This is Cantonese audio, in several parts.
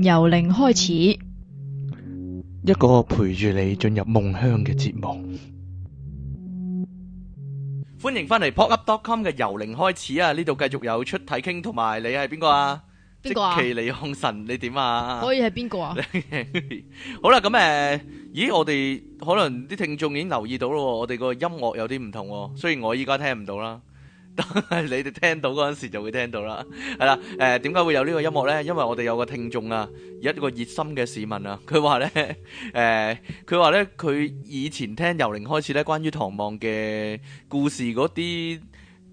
零由零開始，一個陪住你進入夢鄉嘅節目。歡迎翻嚟 pokup.com 嘅由零開始啊！呢度繼續有出體傾，同埋你係邊個啊？即係離紅神，你點啊？可以係邊個啊？ 好啦，咁誒、呃，咦，我哋可能啲聽眾已經留意到咯，我哋個音樂有啲唔同，雖然我依家聽唔到啦。但係 你哋聽到嗰陣時就會聽到啦，係啦，誒點解會有呢個音樂咧？因為我哋有個聽眾啊，一個熱心嘅市民啊，佢話咧，誒佢話咧，佢以前聽由零開始咧，關於唐望嘅故事嗰啲。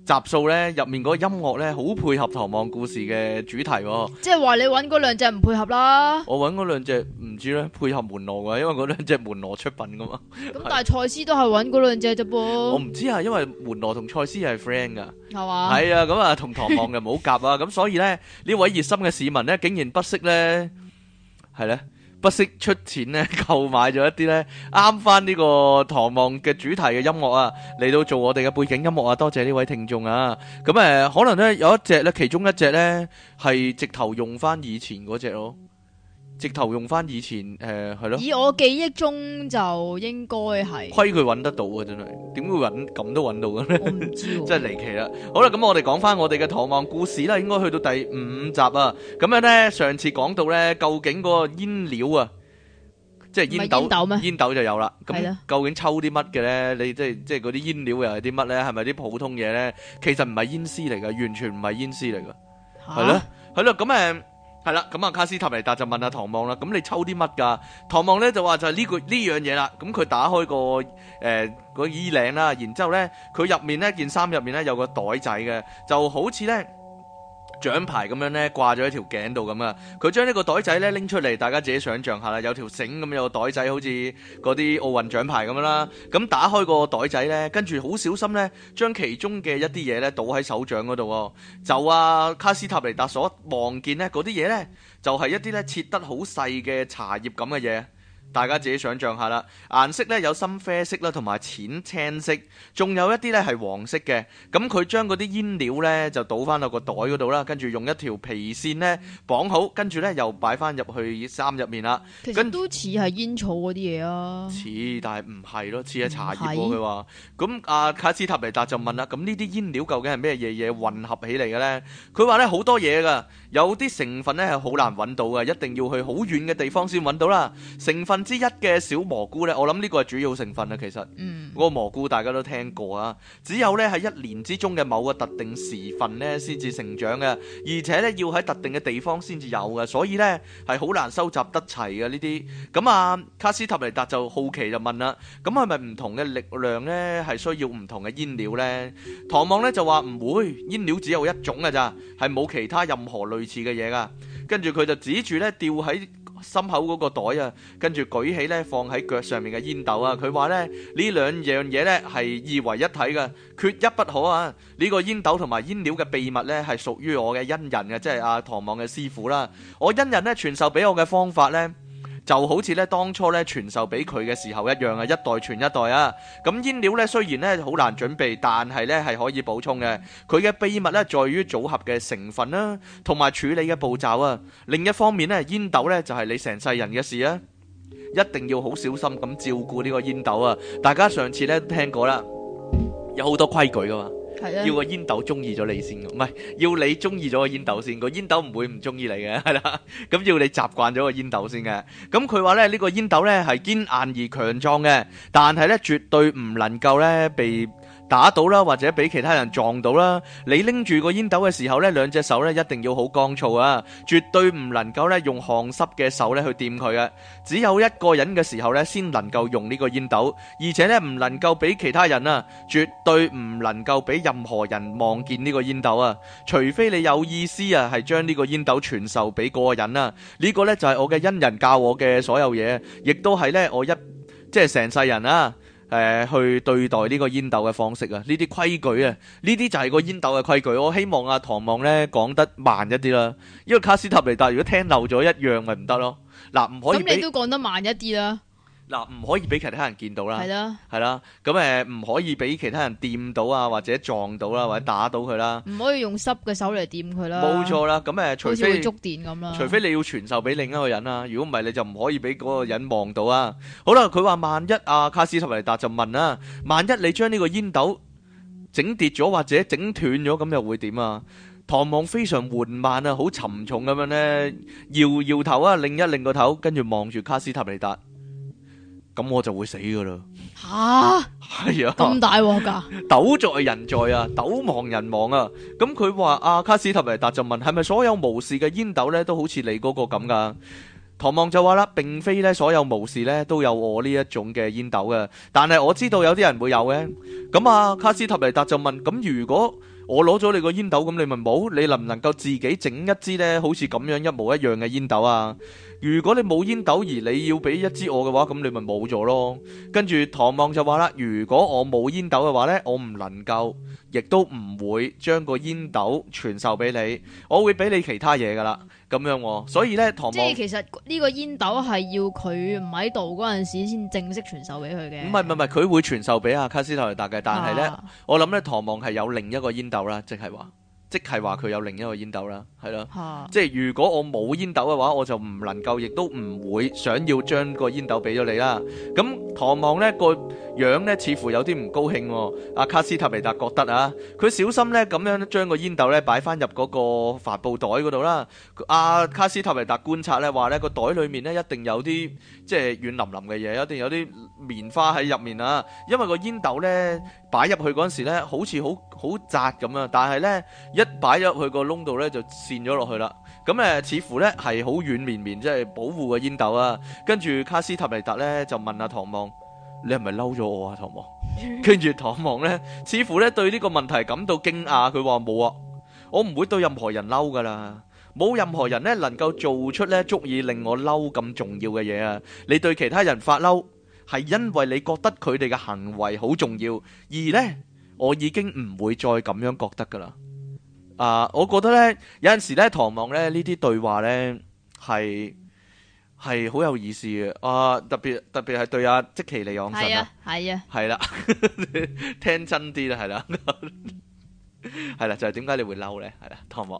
集數咧入面嗰個音樂咧，好配合《唐望故事》嘅主題喎、哦。即係話你揾嗰兩隻唔配合啦。我揾嗰兩隻唔知咧，配合門羅嘅，因為嗰兩隻門羅出品噶嘛。咁、嗯、是但係賽斯都係揾嗰兩隻啫噃。我唔知啊，因為門羅同賽斯係 friend 噶，係嘛吧？係啊，咁啊同唐望又唔好夾啊，咁 所以咧呢位熱心嘅市民咧，竟然不識咧，係咧。不惜出錢咧購買咗一啲咧啱翻呢個《唐望》嘅主題嘅音樂啊，嚟到做我哋嘅背景音樂啊！多謝呢位聽眾啊！咁誒、呃，可能咧有一隻咧，其中一隻咧係直頭用翻以前嗰隻咯。直頭用翻以前誒，係、呃、咯。以我記憶中就應該係。虧佢揾得到,到啊， 真係。點會揾咁都揾到嘅咧？我唔知。真係離奇啦。好啦，咁我哋講翻我哋嘅《唐望故事》啦，應該去到第五集啊。咁樣咧，上次講到咧，究竟嗰個煙料啊，即係煙斗咩？煙斗就有啦。係。咁究竟抽啲乜嘅咧？你即係即係嗰啲煙料又係啲乜咧？係咪啲普通嘢咧？其實唔係煙絲嚟嘅，完全唔係煙絲嚟嘅。係咯、啊，係咯，咁、嗯、誒。嗯嗯嗯係啦，咁啊卡斯塔尼達就問阿唐望啦，咁、嗯、你抽啲乜噶？唐望咧就話就係呢、這個呢樣嘢啦，咁、這、佢、個嗯、打開個誒、呃、個衣領啦，然之後咧佢入面咧件衫入面咧有個袋仔嘅，就好似咧。獎牌咁樣呢，掛咗喺條頸度咁啊，佢將呢個袋仔咧拎出嚟，大家自己想象下啦，有條繩咁，有個袋仔好似嗰啲奧運獎牌咁啦。咁打開個袋仔呢，跟住好小心呢，將其中嘅一啲嘢呢倒喺手掌嗰度。就阿、啊、卡斯塔尼達所望見呢，嗰啲嘢呢，就係一啲呢切得好細嘅茶葉咁嘅嘢。大家自己想象下啦，顏色咧有深啡色啦，同埋淺青色，仲有一啲咧係黃色嘅。咁佢將嗰啲煙料咧就倒翻落個袋嗰度啦，跟住用一條皮線咧綁好，跟住咧又擺翻入去衫入面啦。咁其實跟住都似係煙草嗰啲嘢啊，似但係唔係咯，似係茶葉喎佢話。咁阿是、啊、卡斯塔尼達就問啦，咁呢啲煙料究竟係咩嘢嘢混合起嚟嘅咧？佢話咧好多嘢㗎。有啲成分咧係好難揾到嘅，一定要去好遠嘅地方先揾到啦。成分之一嘅小蘑菇咧，我諗呢個係主要成分啦。其實，嗰個蘑菇大家都聽過啊。只有咧係一年之中嘅某個特定時份咧，先至成長嘅，而且咧要喺特定嘅地方先至有嘅，所以咧係好難收集得齊嘅呢啲。咁啊，卡斯塔尼達就好奇就問啦，咁係咪唔同嘅力量咧？係需要唔同嘅煙料咧？唐望咧就話唔會，煙料只有一種嘅咋，係冇其他任何類類似嘅嘢噶，跟住佢就指住咧吊喺心口嗰個袋啊，跟住舉起咧放喺腳上面嘅煙斗啊，佢話咧呢兩樣嘢咧係二為一體噶，缺一不可啊！呢、這個煙斗同埋煙料嘅秘密咧係屬於我嘅恩人嘅，即係阿唐望嘅師傅啦，我恩人咧傳授俾我嘅方法咧，就好似咧，當初咧傳授俾佢嘅時候一樣啊，一代傳一代啊。咁煙料咧雖然咧好難準備，但係咧係可以補充嘅。佢嘅秘密咧在於組合嘅成分啦，同埋處理嘅步驟啊。另一方面咧，煙斗咧就係你成世人嘅事啊，一定要好小心咁照顧呢個煙斗啊。大家上次咧都聽過啦，有好多規矩㗎嘛。要個煙斗中意咗你先嘅，唔係要你中意咗個煙斗先。個煙斗唔會唔中意你嘅，係啦。咁要你習慣咗個煙斗先嘅。咁佢話咧呢個煙斗咧係堅硬而強壯嘅，但係咧絕對唔能夠咧被。打到啦，或者俾其他人撞到啦。你拎住個煙斗嘅時候呢，兩隻手呢一定要好乾燥啊，絕對唔能夠呢用汗濕嘅手呢去掂佢啊。只有一個人嘅時候呢先能夠用呢個煙斗，而且呢唔能夠俾其他人啊，絕對唔能夠俾任何人望見呢個煙斗啊。除非你有意思啊，係將呢個煙斗傳授俾嗰個人啊。呢個呢就係我嘅恩人教我嘅所有嘢，亦都係呢我一即係成世人啊。誒、呃、去對待呢個煙斗嘅方式啊，呢啲規矩啊，呢啲就係個煙斗嘅規矩。我希望阿、啊、唐望咧講得慢一啲啦，因為卡斯塔尼達如果聽漏咗一樣咪唔得咯。嗱，唔可以。噉你都講得慢一啲啦。嗱，唔可以俾其他人見到啦，係啦的，係啦。咁誒，唔、呃、可以俾其他人掂到啊，或者撞到啦、啊，嗯、或者打到佢啦。唔可以用濕嘅手嚟掂佢啦。冇錯啦，咁誒、呃，除非觸電咁啦。除非你要傳授俾另一個人啦、啊。如果唔係，你就唔可以俾嗰個人望到啊。好啦，佢話萬一阿、啊、卡斯塔尼達就問啦、啊，萬一你將呢個煙斗整跌咗或者整斷咗，咁又會點啊？唐望非常緩慢啊，好沉重咁樣咧，搖搖頭啊，擰一擰個頭，跟住望住卡斯塔尼達。咁我就會死噶啦！吓，係啊，咁大鑊噶！斗在人在啊，斗亡人亡啊！咁佢話阿卡斯塔尼達就問，係咪所有巫士嘅煙斗呢都好似你嗰個咁噶？唐望就話啦，並非呢所有巫士呢都有我呢一種嘅煙斗嘅，但係我知道有啲人會有嘅。咁啊，卡斯塔尼達就問，咁、啊、如果？我攞咗你個煙斗，咁你咪冇？你能唔能夠自己整一支呢？好似咁樣一模一樣嘅煙斗啊！如果你冇煙斗而你要俾一支我嘅話，咁你咪冇咗咯。跟住唐望就話啦：如果我冇煙斗嘅話呢，我唔能夠，亦都唔會將個煙斗傳授俾你。我會俾你其他嘢㗎喇。咁樣喎、啊，所以咧，唐望，即係其實呢個煙斗係要佢唔喺度嗰陣時先正式傳授俾佢嘅。唔係唔係，佢會傳授俾阿卡斯特達嘅，但係咧，我諗咧，唐望係、啊、有另一個煙斗啦，即係話，即係話佢有另一個煙斗啦，係咯，啊、即係如果我冇煙斗嘅話，我就唔能夠，亦都唔會想要將個煙斗俾咗你啦。咁唐望咧個樣咧似乎有啲唔高興喎，阿卡斯塔尼達覺得啊，佢小心咧咁樣將個煙斗咧擺返入嗰個帆布袋嗰度啦。阿卡斯塔尼達觀察咧話咧個袋裏面咧一定有啲即係軟腍腍嘅嘢，一定有啲棉花喺入面啊，因為個煙斗咧擺入去嗰陣時咧好似好好窄咁樣，但係咧一擺入去個窿度咧就跣咗落去啦。咁誒，似乎咧係好軟綿綿，即係保護個煙斗啊。跟住卡斯塔尼達咧就問阿唐望，你係咪嬲咗我啊？唐望。跟住唐望咧，似乎咧對呢個問題感到驚訝。佢話冇啊，我唔會對任何人嬲噶啦。冇任何人咧能夠做出咧足以令我嬲咁重要嘅嘢啊。你對其他人發嬲，係因為你覺得佢哋嘅行為好重要，而咧我已經唔會再咁樣覺得噶啦。啊，uh, 我覺得咧有陣時咧，唐望咧呢啲對話咧係係好有意思嘅啊、uh，特別特別係對阿即奇嚟講，係啊係啊，係啦、啊，啊啊、 聽真啲啦，係啦、啊。 係啦，就係點解你會嬲呢？係 啦，唐望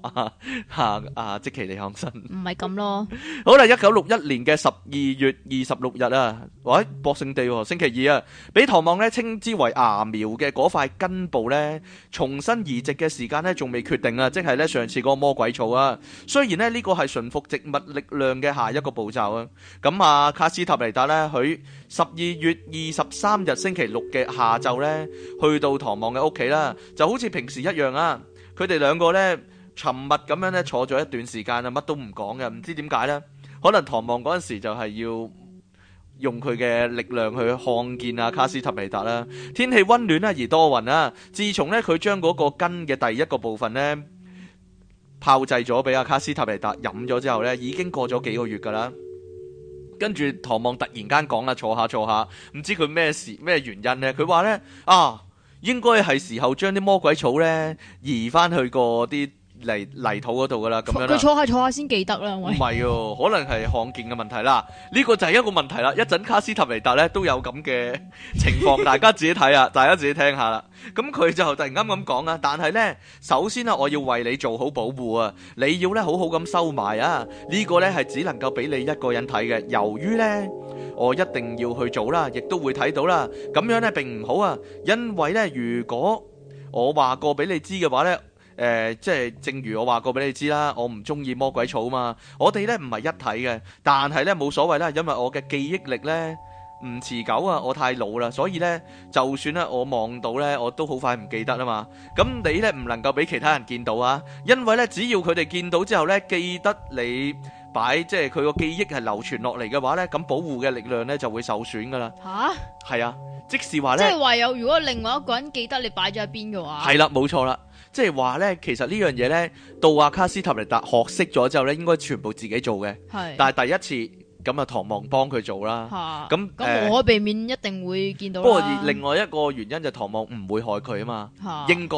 啊，啊，即其你向生唔係咁咯。好啦，一九六一年嘅十二月二十六日啊，喂，博聖地，啊，星期二啊，俾唐望呢稱之為芽苗嘅嗰塊根部呢，重新移植嘅時間呢仲未決定啊，即係呢上次嗰個魔鬼草啊。雖然呢，呢個係馴服植物力量嘅下一個步驟啊。咁啊，卡斯塔尼達呢，佢十二月二十三日星期六嘅下晝呢，去到唐望嘅屋企啦，就好似平時一。樣啊！佢哋兩個呢，沉默咁樣呢，坐咗一段時間啦，乜都唔講嘅，唔知點解呢？可能唐望嗰陣時就係要用佢嘅力量去看見阿卡斯塔維達啦。天氣温暖啦，而多雲啦，啊。自從呢，佢將嗰個根嘅第一個部分呢炮製咗俾阿卡斯塔維達飲咗之後呢，已經過咗幾個月噶啦。跟住唐望突然間講啦，坐下坐下，唔知佢咩事咩原因呢？佢話呢。啊。應該係時候將啲魔鬼草咧移翻去個啲。嚟泥土嗰度噶啦，咁樣啦。佢坐下坐下先記得啦。唔係喎，可能係看見嘅問題啦。呢個就係一個問題啦。一陣卡斯特尼達咧都有咁嘅情況，大家自己睇啊，大家自己聽下啦。咁佢就突然間咁講啊，但係咧，首先啊，我要為你做好保護啊，你要咧好好咁收埋啊。呢個咧係只能夠俾你一個人睇嘅。由於咧，我一定要去做啦，亦都會睇到啦。咁樣咧並唔好啊，因為咧，如果我話過俾你知嘅話咧。誒，即係正如我話過俾你知啦，我唔中意魔鬼草嘛。我哋咧唔係一體嘅，但係咧冇所謂啦，因為我嘅記憶力咧唔持久啊，我太老啦，所以咧就算咧我望到咧，我都好快唔記得啦嘛。咁你咧唔能夠俾其他人見到啊，因為咧只要佢哋見到之後咧記得你擺，即係佢個記憶係流傳落嚟嘅話咧，咁保護嘅力量咧就會受損噶啦。嚇，係啊，即係話咧，即係話有如果另外一個人記得你擺咗喺邊嘅話，係啦，冇錯啦。即係話咧，其實呢樣嘢咧，到阿卡斯塔尼達學識咗之後咧，應該全部自己做嘅。係是，但係第一次咁啊，唐望幫佢做啦。係哈，咁咁無可避免，一定會見到。不過另外一個原因就唐望唔會害佢啊嘛。係哈，應該。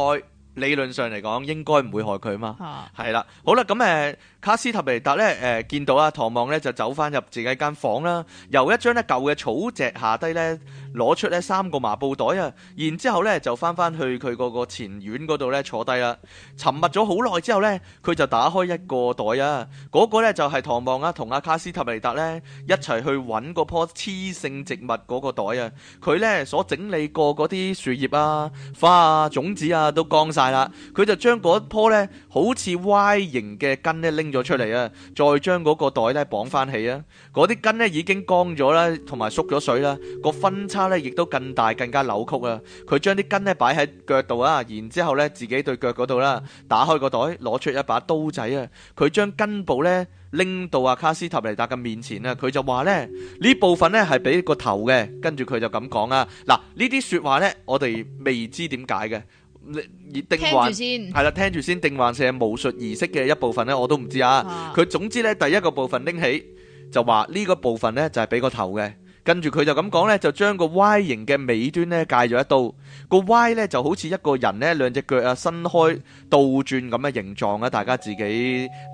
理論上嚟講，應該唔會害佢嘛，係啦、啊，好啦，咁誒卡斯塔梅尼達咧誒、呃、見到阿、啊、唐望咧就走翻入自己間房啦，由一張咧舊嘅草席下低咧攞出咧三個麻布袋啊，然之後咧就翻翻去佢個前院度咧坐低啦，沉默咗好耐之後咧佢就打開一個袋，那個就是，啊，個咧就係唐望啊同阿卡斯塔梅尼達咧一齊去揾嗰棵雌性植物個袋啊，佢咧所整理過啲樹葉啊、花啊、種子啊都乾晒。大啦，佢就將嗰棵咧好似 Y 形嘅根咧拎咗出嚟啊，再將嗰個袋咧綁翻起啊。嗰啲根咧已經乾咗啦，同埋縮咗水啦，個分叉咧亦都更大，更加扭曲啊。佢將啲根咧擺喺腳度啊，然之後咧自己對腳嗰度啦，打開個袋，攞出一把刀仔啊。佢將根部咧拎到阿卡斯塔尼達嘅面前啊。佢就話咧，呢部分咧係俾個頭嘅，跟住佢就咁講啊。嗱，呢啲說話咧，我哋未知點解嘅。你以定幻係啦，聽住先定幻，係巫術儀式嘅一部分咧，我都唔知啊。佢總之咧，第一個部分拎起就話呢個部分咧就係俾個頭嘅，跟住佢就咁講咧，就將個 Y 形嘅尾端咧界咗一刀，個 Y 咧就好似一個人咧兩隻腳啊伸開倒轉咁嘅形狀啊，大家自己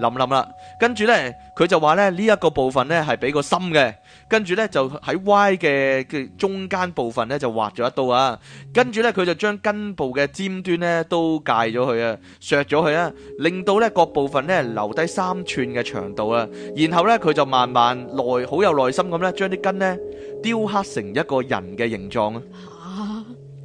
諗諗啦。跟住咧佢就話咧呢一個部分咧係俾個心嘅。跟住咧就喺 Y 嘅嘅中間部分咧就劃咗一刀啊，跟住咧佢就將根部嘅尖端咧都界咗佢啊，削咗佢啊，令到咧各部分咧留低三寸嘅長度啊，然後咧佢就慢慢耐好有耐心咁咧將啲根咧雕刻成一個人嘅形狀啊。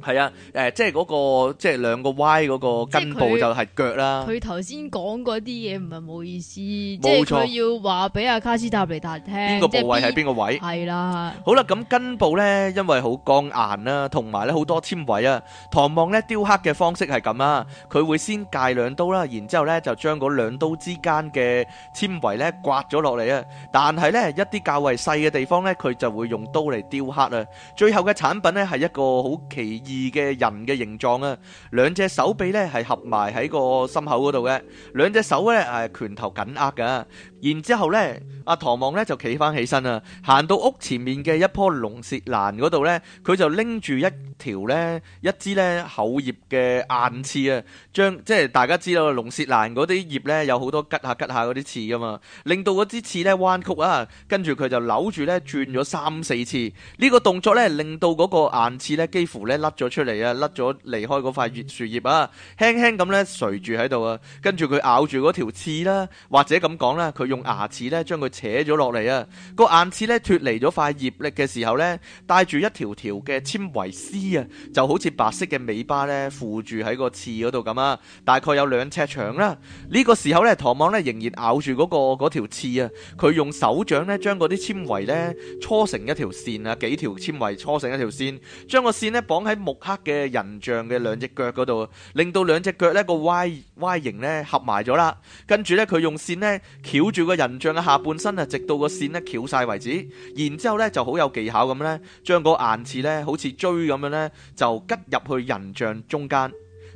係啊，誒、呃，即係嗰、那個，即係兩個 Y 嗰個根部就係腳啦。佢頭先講嗰啲嘢唔係冇意思，即係佢要話俾阿卡斯塔尼達聽邊個部位係邊個位。係啦。好啦，咁、嗯、根部咧，因為好剛硬啦、啊，同埋咧好多纖維啊。唐望咧雕刻嘅方式係咁啊，佢會先界兩刀啦，然之後咧就將嗰兩刀之間嘅纖維咧刮咗落嚟啊。但係咧一啲較為細嘅地方咧，佢就會用刀嚟雕刻啊。最後嘅產品咧係一個好奇異。二嘅人嘅形狀啊，兩隻手臂咧係合埋喺個心口嗰度嘅，兩隻手咧係拳頭緊握嘅。然之後咧，阿唐望咧就企翻起身啦，行到屋前面嘅一棵龍舌蘭嗰度咧，佢就拎住一條咧一支咧厚葉嘅硬刺啊，將即係大家知道龍舌蘭嗰啲葉咧有好多吉下吉下嗰啲刺噶嘛，令到嗰枝刺咧彎曲啊，跟住佢就扭住咧轉咗三四次，呢個動作咧令到嗰個硬刺咧幾乎咧甩咗出嚟啊，甩咗離開嗰塊葉樹葉啊，輕輕咁咧垂住喺度啊，跟住佢咬住嗰條刺啦，或者咁講啦。佢。用牙齒咧將佢扯咗落嚟啊！個硬刺咧脫離咗塊葉力嘅時候咧，帶住一條條嘅纖維絲啊，就好似白色嘅尾巴咧附住喺個刺度咁啊！大概有兩尺長啦。呢個時候咧，唐望咧仍然咬住、嗰個條刺啊。佢用手掌咧將啲纖維咧搓成一條線啊，幾條纖維搓成一條線，將個線咧綁喺木刻嘅人像嘅兩隻腳度啊，令到兩隻腳咧個 Y Y 形咧合埋咗啦。跟住咧，佢用線咧翹住。佢個人像嘅下半身啊，直到個線呢翹晒為止，然之後咧就好有技巧咁呢，將個牙刺呢好似錐咁樣呢，就吉入去人像中間，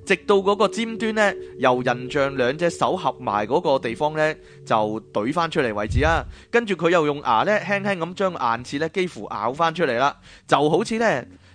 直到嗰個尖端呢，由人像兩隻手合埋嗰個地方呢，就懟翻出嚟為止啊！跟住佢又用牙呢輕輕咁將牙刺呢幾乎咬翻出嚟啦，就好似呢。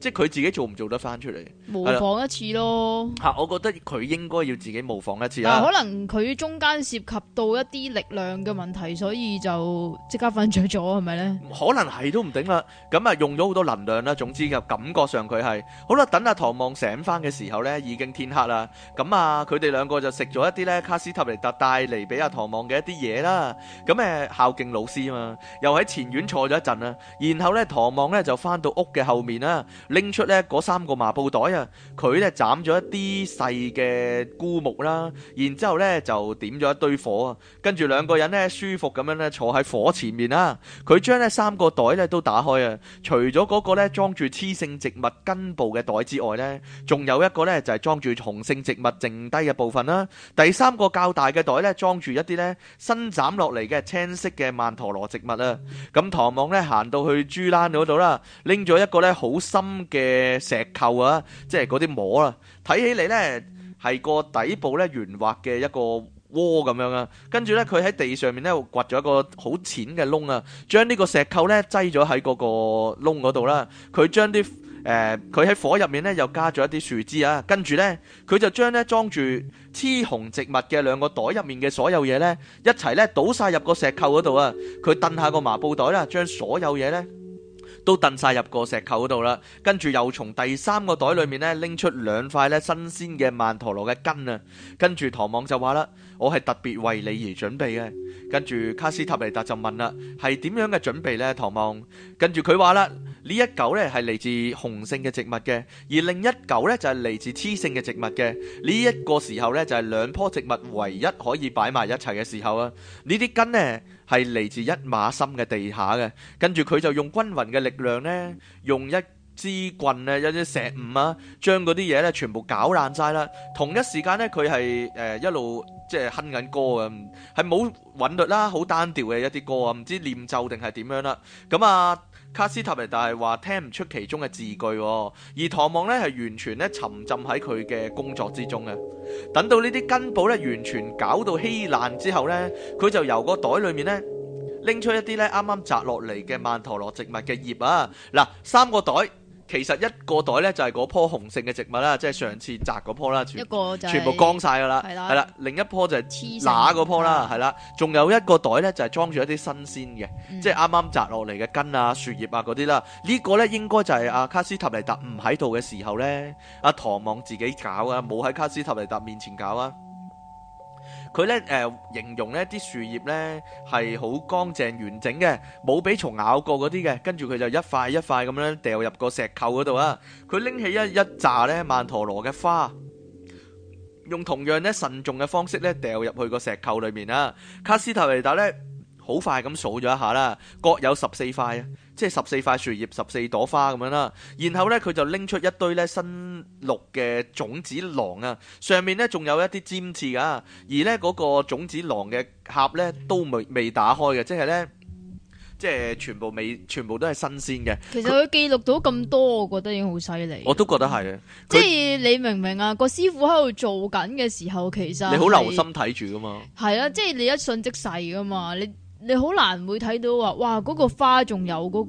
即係佢自己做唔做得翻出嚟？模仿一次咯嚇、 啊，我覺得佢應該要自己模仿一次啊！可能佢中間涉及到一啲力量嘅問題，所以就即刻瞓著咗，係咪咧？可能係都唔定啦。咁、嗯、啊，用咗好多能量啦。總之就感覺上佢係好啦。等阿唐望醒翻嘅時候咧，已經天黑啦。咁、嗯、啊，佢哋兩個就食咗一啲咧卡斯塔尼特帶嚟俾阿唐望嘅一啲嘢啦。咁咩孝敬老師啊嘛？又喺前院坐咗一陣啦。然後咧，唐望咧就翻到屋嘅後面啦。拎出咧嗰三個麻布袋啊，佢咧斬咗一啲細嘅枯木啦，然之後咧就點咗一堆火啊，跟住兩個人咧舒服咁樣咧坐喺火前面啦。佢將咧三個袋咧都打開啊，除咗嗰個咧裝住雌性植物根部嘅袋之外咧，仲有一個咧就係裝住雄性植物剩低嘅部分啦。第三個較大嘅袋咧裝住一啲咧新斬落嚟嘅青色嘅曼陀羅植物啊。咁唐望咧行到去豬欄嗰度啦，拎咗一個咧好深，嘅石臼啊，即係嗰啲磨啦，睇起嚟咧係個底部咧圓滑嘅一個窩咁樣啊，跟住咧佢喺地上面咧掘咗一個好淺嘅窿啊，將呢個石臼咧擠咗喺嗰個窿嗰度啦，佢將啲誒佢喺火入面咧又加咗一啲樹枝啊，跟住咧佢就將咧裝住雌雄植物嘅兩個袋入面嘅所有嘢咧一齊咧倒晒入個石臼嗰度啊，佢掟下個麻布袋啦，將所有嘢咧。都掟晒入個石球嗰度啦，跟住又從第三個袋裏面咧拎出兩塊咧新鮮嘅曼陀羅嘅根啊，跟住唐望就話啦，我係特別為你而準備嘅，跟住卡斯塔尼達就問啦，係點樣嘅準備呢？唐望跟住佢話啦。呢一嚿咧係嚟自雄性嘅植物嘅，而另一嚿咧就係嚟自雌性嘅植物嘅。呢一個時候咧就係兩棵植物唯一可以擺埋一齊嘅時候啊！呢啲根咧係嚟自一馬深嘅地下嘅，跟住佢就用均勻嘅力量咧，用一支棍咧一啲石斧啊，將嗰啲嘢咧全部搞爛曬啦。同一時間咧佢係誒一路即係哼緊歌啊，係冇韻律啦，好單調嘅一啲歌啊，唔知唸咒定係點樣啦。咁啊～卡斯塔尼達係話聽唔出其中嘅字句，而唐望呢係完全咧沉浸喺佢嘅工作之中嘅。等到呢啲根部咧完全搞到稀爛之後呢，佢就由個袋裏面咧拎出一啲咧啱啱摘落嚟嘅曼陀羅植物嘅葉啊！嗱，三個袋。其實一個袋咧就係、是、嗰棵雄性嘅植物啦，即係上次摘嗰棵啦，全，就是、全部光晒噶啦，係啦的，的另一棵就係乸嗰棵啦，係啦的，仲的有一個袋咧就係裝住一啲新鮮嘅，嗯、即係啱啱摘落嚟嘅根啊、樹葉啊嗰啲啦，這個、呢個咧應該就係阿、啊、卡斯塔尼達唔喺度嘅時候咧，阿、啊、唐望自己搞啊，冇喺卡斯塔尼達面前搞啊。佢咧誒形容呢啲樹葉咧係好乾淨完整嘅，冇俾蟲咬過嗰啲嘅，跟住佢就一塊一塊咁樣掉入個石臼嗰度啊！佢拎起一一紮咧曼陀羅嘅花，用同樣咧慎重嘅方式咧掉入去個石臼裏面啊！卡斯特維達咧。好快咁數咗一下啦，各有十四塊啊，即係十四塊樹葉、十四朵花咁樣啦。然後咧，佢就拎出一堆咧新綠嘅種子囊啊，上面咧仲有一啲尖刺噶。而咧呢個種子囊嘅盒咧都未未打開嘅，即係咧即係全部未，全部都係新鮮嘅。其實佢記錄到咁多，我覺得已經好犀利。我都覺得係啊。即係你明唔明啊？個師傅喺度做緊嘅時候，其實你好留心睇住噶嘛。係啊，即係你一瞬即逝噶嘛，你。你好難會睇到話，哇！嗰、嗰個花仲有嗰、嗰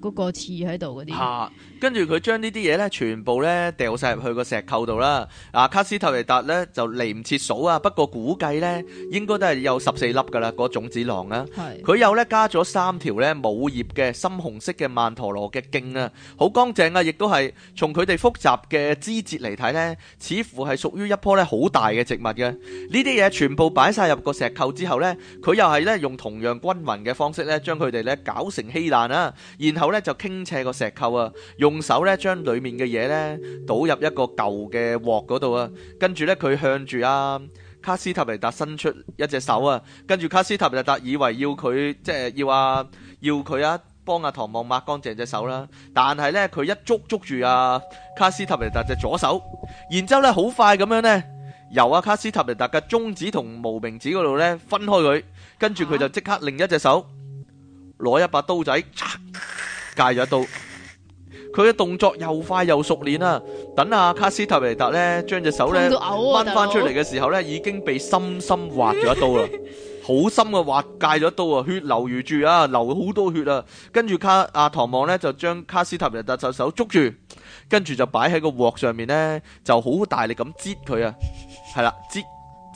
個嗰個刺喺度嗰啲。啊。跟住佢將呢啲嘢咧，全部咧掉曬入去個石臼度啦。啊，卡斯塔尼達咧就嚟唔切數啊，不過估計咧應該都係有十四粒噶啦。個種子囊啊，佢又咧加咗三條咧冇葉嘅深紅色嘅曼陀羅嘅莖啊，好乾淨啊，亦都係從佢哋複雜嘅枝節嚟睇咧，似乎係屬於一樖咧好大嘅植物嘅。呢啲嘢全部擺曬入個石臼之後咧，佢又係咧用同樣均勻嘅方式咧將佢哋咧搞成稀爛啦，然後咧就傾斜個石臼啊，用用手咧將裏面嘅嘢咧倒入一個舊嘅鑊嗰度啊，跟住咧佢向住阿卡斯塔尼達伸出一隻手啊，跟住卡斯塔尼達以為要佢即係要阿要佢啊幫阿唐望抹乾淨隻手啦，但係咧佢一捉捉住阿卡斯塔尼達隻左手，然之後咧好快咁樣咧由阿卡斯塔尼達嘅中指同無名指嗰度咧分開佢，跟住佢就即刻另一隻手攞一把刀仔，戒咗一刀。佢嘅動作又快又熟練啊。等阿卡斯塔尼達咧將隻手咧掹翻出嚟嘅時候咧，已經被深深劃咗一刀啦，好 深嘅劃戒咗刀啊，血流如注啊，流好多血啊，跟住卡阿、啊、唐望咧就將卡斯塔尼達隻手捉住，跟住就擺喺個鑊上面咧，就好大力咁擠佢啊，係啦，擠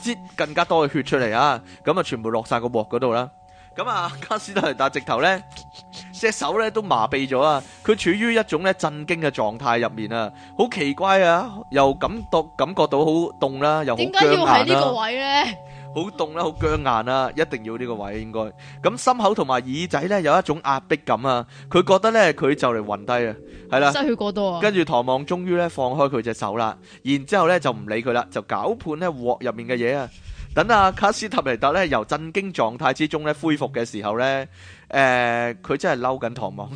擠更加多嘅血出嚟啊，咁啊全部落晒個鑊嗰度啦，咁啊卡斯塔尼達直頭咧。 隻手咧都麻痹咗啊！佢處於一種咧震驚嘅狀態入面啊，好奇怪啊！又感到感覺到好凍啦，又好僵硬啦，點解要喺呢個位咧？好凍啦，好僵硬啦，一定要呢個位應該。咁心口同埋耳仔咧有一種壓迫感啊！佢覺得咧佢就嚟暈低啊，係啦，失血過多。跟住唐望終於咧放開佢隻手啦，然之後咧就唔理佢啦，就攪判咧鑊入面嘅嘢啊。等阿卡斯塔尼達咧由震驚狀態之中咧恢復嘅時候咧，誒，佢真係嬲緊唐望，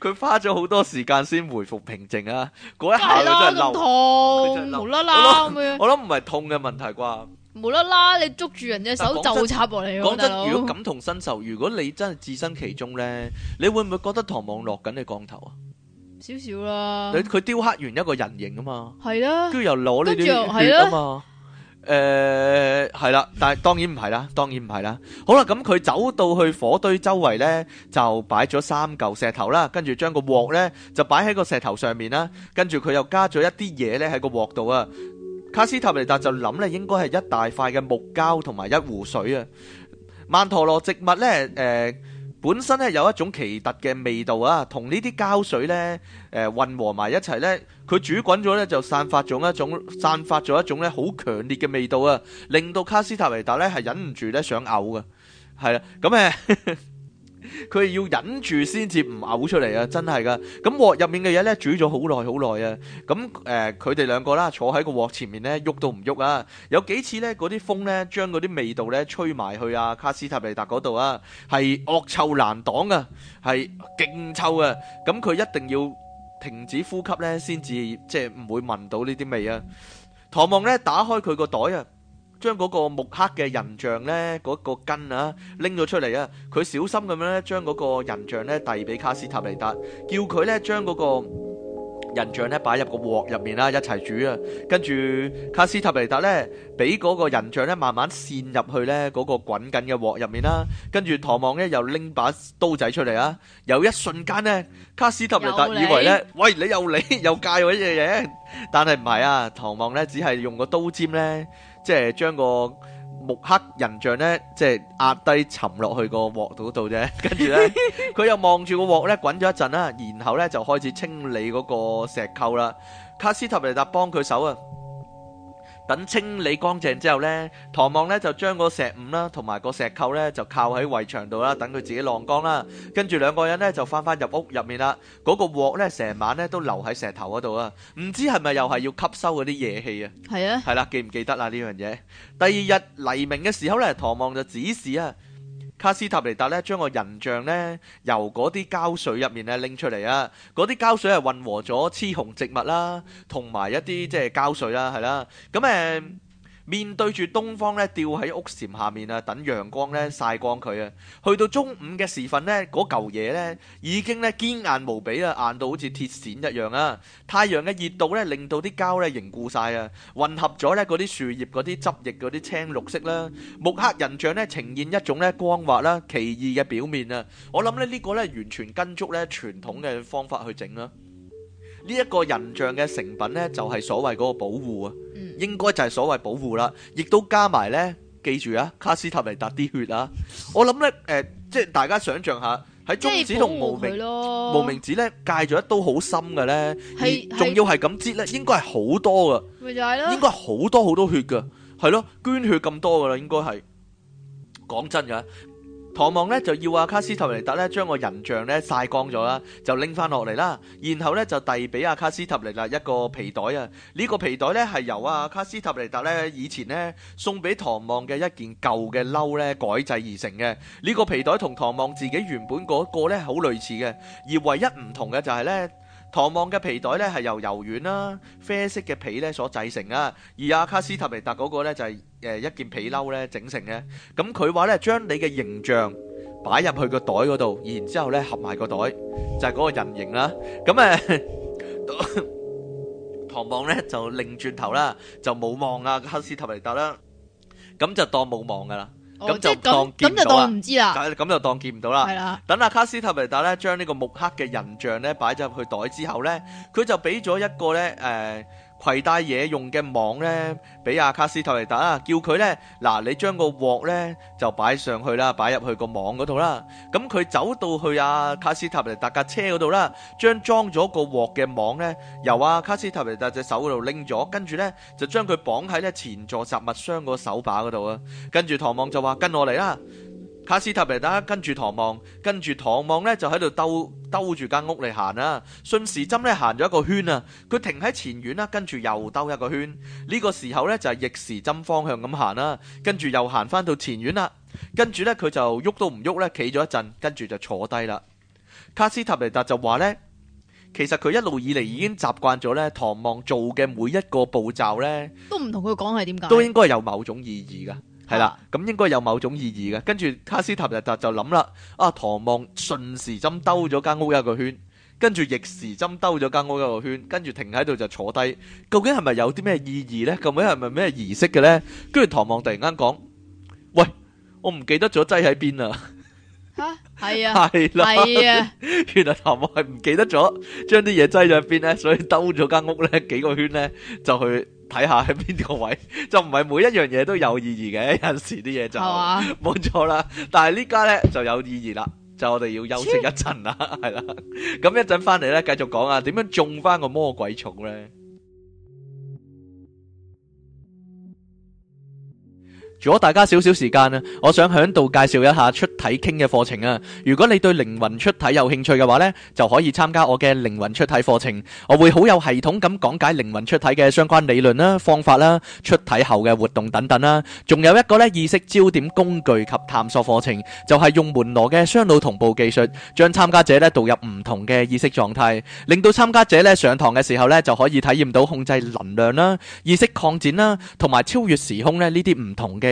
佢花咗好多時間先回復平靜啊！嗰一下就係痛，無啦啦我諗唔係痛嘅問題啩？無啦啦，你捉住人隻手就插落嚟。講真，如果感同身受，如果你真係置身其中咧，你會唔會覺得唐望落緊你降頭啊？少少啦，佢雕刻完一個人形啊嘛，係啦，跟住又攞呢啲血啊嘛。誒，係啦，嗯，但係當然唔係啦，當然唔係啦。好啦，咁，嗯、佢走到去火堆周圍呢，就擺咗三嚿石頭啦，跟住將個鑊呢，就擺喺個石頭上面啦，跟住佢又加咗一啲嘢呢，喺個鑊度啊。卡斯塔尼達就諗咧，應該係一大塊嘅木膠同埋一壺水啊。曼陀羅植物呢。誒、呃。本身咧有一種奇特嘅味道啊，同呢啲膠水咧誒混和埋一齊咧，佢煮滾咗咧就散發咗一種散發咗一種咧好強烈嘅味道啊，令到卡斯塔尼達咧係忍唔住咧想嘔嘅，係啦，咁誒。佢要忍住先至唔嘔出嚟啊，真係噶！咁鑊入面嘅嘢咧煮咗好耐好耐啊，咁誒佢哋兩個啦坐喺個鑊前面咧喐都唔喐啊，有幾次咧嗰啲風咧將嗰啲味道咧吹埋去啊卡斯塔利達嗰度啊，係惡臭難擋啊，係勁臭啊！咁佢一定要停止呼吸咧，先至即係唔會聞到呢啲味啊！唐望咧打開佢個袋啊！將嗰個木刻嘅人像咧，嗰個根啊拎咗出嚟啊！佢小心咁樣咧，將嗰個人像咧遞俾卡斯塔尼達，叫佢咧將嗰個人像咧擺入個鑊入面啦，一齊煮啊！跟住卡斯塔尼達咧，俾嗰個人像咧慢慢滲入去咧嗰個滾緊嘅鑊入面啦。跟住唐望咧又拎把刀仔出嚟啊！有一瞬間咧，卡斯塔尼達以為咧，喂，你又嚟又介我一樣嘢，但係唔係啊！唐望咧只係用個刀尖咧。即係將個木刻人像咧，即係壓低沉落去個鑊度度啫。跟住咧，佢又望住個鑊咧滾咗一陣啦，然後咧就開始清理嗰個石構啦。卡斯塔尼達幫佢手啊！等清理乾淨之後呢，唐望呢就將個石五啦，同埋個石臼呢就靠喺圍牆度啦，等佢自己晾乾啦。跟住兩個人呢就翻翻入屋入面啦。嗰個鍋呢成晚呢都留喺石頭嗰度啊，唔知係咪又係要吸收嗰啲野氣啊？係啊，係啦，記唔記得啦呢樣嘢？第二日黎明嘅時候呢，唐望就指示啊。卡斯塔尼達咧將個人像咧由嗰啲膠水入面啊拎出嚟啊，嗰啲膠水係混合咗雌雄植物啦，同埋一啲即係膠水啦，係啦，咁、嗯、誒。面對住東方咧，吊喺屋簷下面啊，等陽光咧曬光佢啊。去到中午嘅時分咧，嗰嚿嘢咧已經咧堅硬無比啊，硬到好似鐵線一樣啊。太陽嘅熱度咧，令到啲膠咧凝固晒啊，混合咗咧嗰啲樹葉嗰啲汁液嗰啲青綠色啦，木刻人像咧呈現一種咧光滑啦、奇異嘅表面啊。我諗咧呢個咧完全跟足咧傳統嘅方法去整啦。呢一個人像嘅成品咧就係所謂嗰個保護啊。應該就係所謂保護啦，亦都加埋咧。記住啊，卡斯塔尼達啲血啊！我諗咧，誒、呃，即係大家想象下，喺中指同無名無名指咧，介咗一刀好深嘅咧，而仲要係咁接咧，應該係好多噶，咪就係咯，應該好多好多血噶，係咯，捐血咁多噶啦，應該係講真噶。唐望咧就要阿卡斯塔尼達咧將個人像咧晒光咗啦，就拎翻落嚟啦，然後咧就遞俾阿卡斯塔尼達一個皮袋啊。呢個皮袋咧係由阿卡斯塔尼達咧以前咧送俾唐望嘅一件舊嘅褸咧改製而成嘅。呢個皮袋同唐望自己原本嗰個咧好類似嘅，而唯一唔同嘅就係咧唐望嘅皮袋咧係由柔軟啦啡色嘅皮咧所製成啊，而阿卡斯塔尼達嗰個咧就係。誒，一件皮褸咧整成咧，咁佢話咧將你嘅形象擺入去個袋嗰度，然之後咧合埋個袋，就係嗰個人形啦。咁誒，唐望咧就擰轉頭啦，就冇望啊卡斯塔尼達啦。咁就當冇望噶啦，咁就當咁就當唔知啦，咁就當見唔到啦。係啦，等阿卡斯塔尼達咧將呢個木刻嘅人像咧擺咗入去袋之後咧，佢就俾咗一個咧誒。攜帶嘢用嘅網呢，俾阿卡斯泰利達啦，叫佢呢。嗱你將個鑊、啊啊、呢，就擺上去啦，擺入去個網嗰度啦。咁佢走到去阿卡斯泰利達架車嗰度啦，將裝咗個鑊嘅網呢，由阿卡斯泰利達隻手嗰度拎咗，跟住呢，就將佢綁喺咧前座雜物箱嗰手把嗰度啊。跟住唐望就話：跟我嚟啦！卡斯塔尼達跟住唐望。跟住唐望呢就喺度兜兜住間屋嚟，行啦，順時針咧行咗一個圈啊，佢停喺前院啦，跟住又兜一個圈。呢個時候呢就係逆時針方向咁行啦，跟住又行翻到前院啦，跟住呢，佢就喐都唔喐咧，企咗一陣，跟住就坐低啦。卡斯塔尼達就話呢，其實佢一路以嚟已經習慣咗呢，唐望做嘅每一個步驟呢，都唔同佢講係點解，都應該有某種意義噶。係啦，咁應該有某種意義嘅。跟住卡斯塔日達就諗啦，啊，唐望順時針兜咗間屋一個圈，跟住逆時針兜咗間屋一個圈，跟住停喺度就坐低。究竟係咪有啲咩意義呢？究竟係咪咩儀式嘅呢？跟住唐望突然間講：喂，我唔記得咗擠喺邊啊。吓，係啊，係啦，係啊，原來唐望係唔記得咗，將啲嘢擠咗邊呢，所以兜咗間屋呢幾個圈呢就去。睇下喺邊個位，就唔係每一樣嘢都有意義嘅，有陣時啲嘢就冇錯啦。 但係呢家呢就有意義啦，就我哋要休息一陣啦，係 啦。咁一陣翻嚟呢，繼續講啊，點樣種翻個魔鬼蟲呢？如果大家有少少時間啊，我想響度介紹一下出體傾嘅課程啊！如果你對靈魂出體有興趣嘅話咧，就可以參加我嘅靈魂出體課程。我會好有系統咁講解靈魂出體嘅相關理論啦、方法啦、出體後嘅活動等等啦。仲有一個咧意識焦點工具及探索課程，就係用門羅嘅雙腦同步技術，將參加者咧導入唔同嘅意識狀態，令到參加者咧上堂嘅時候咧就可以體驗到控制能量啦、意識擴展啦，同埋超越時空咧呢啲唔同嘅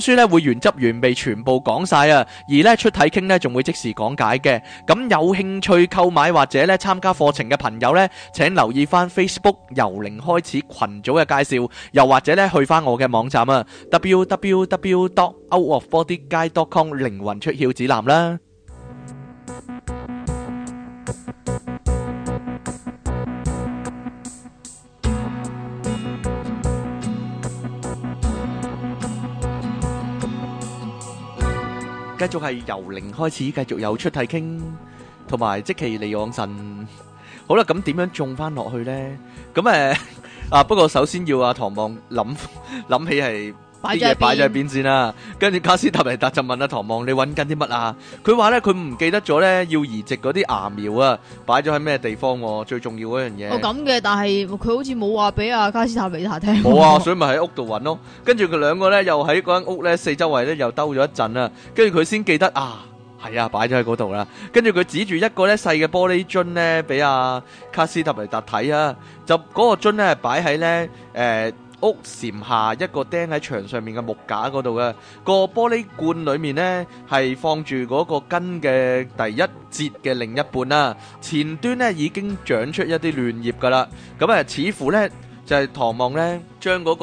書咧，會原汁原味全部講晒啊，而咧，出體傾咧，仲會即時講解嘅。咁有興趣購買或者咧，參加課程嘅朋友咧，請留意翻 Facebook 由零開始群組嘅介紹，又或者咧去翻我嘅網站啊，www.outofbodyguide.com 靈魂出竅指南啦。繼續係由零開始，繼續有出題傾，同埋即期嚟往神。好啦，咁點樣種返落去呢？咁誒，啊，不過首先要阿唐望諗諗起係。啲嘢擺咗喺邊先啦，跟住卡斯塔維達就問阿唐望你揾緊啲乜啊？佢話咧佢唔記得咗咧要移植嗰啲芽苗啊，擺咗喺咩地方？最重要嗰、哦、樣嘢。哦咁嘅，但係佢好似冇話俾阿卡斯塔維達聽。冇啊，所以咪喺屋度揾咯。跟住佢兩個咧又喺嗰間屋咧四周圍咧又兜咗一陣啊。跟住佢先記得啊，係啊，擺咗喺嗰度啦。跟住佢指住一個咧細嘅玻璃樽咧俾阿卡斯塔維達睇啊，就嗰個樽咧係擺喺咧誒。屋檐下一個釘喺牆上面嘅木架嗰度嘅個玻璃罐裏面咧係放住嗰個根嘅第一節嘅另一半啦，前端咧已經長出一啲嫩葉噶啦。咁啊似乎咧就係唐望咧將嗰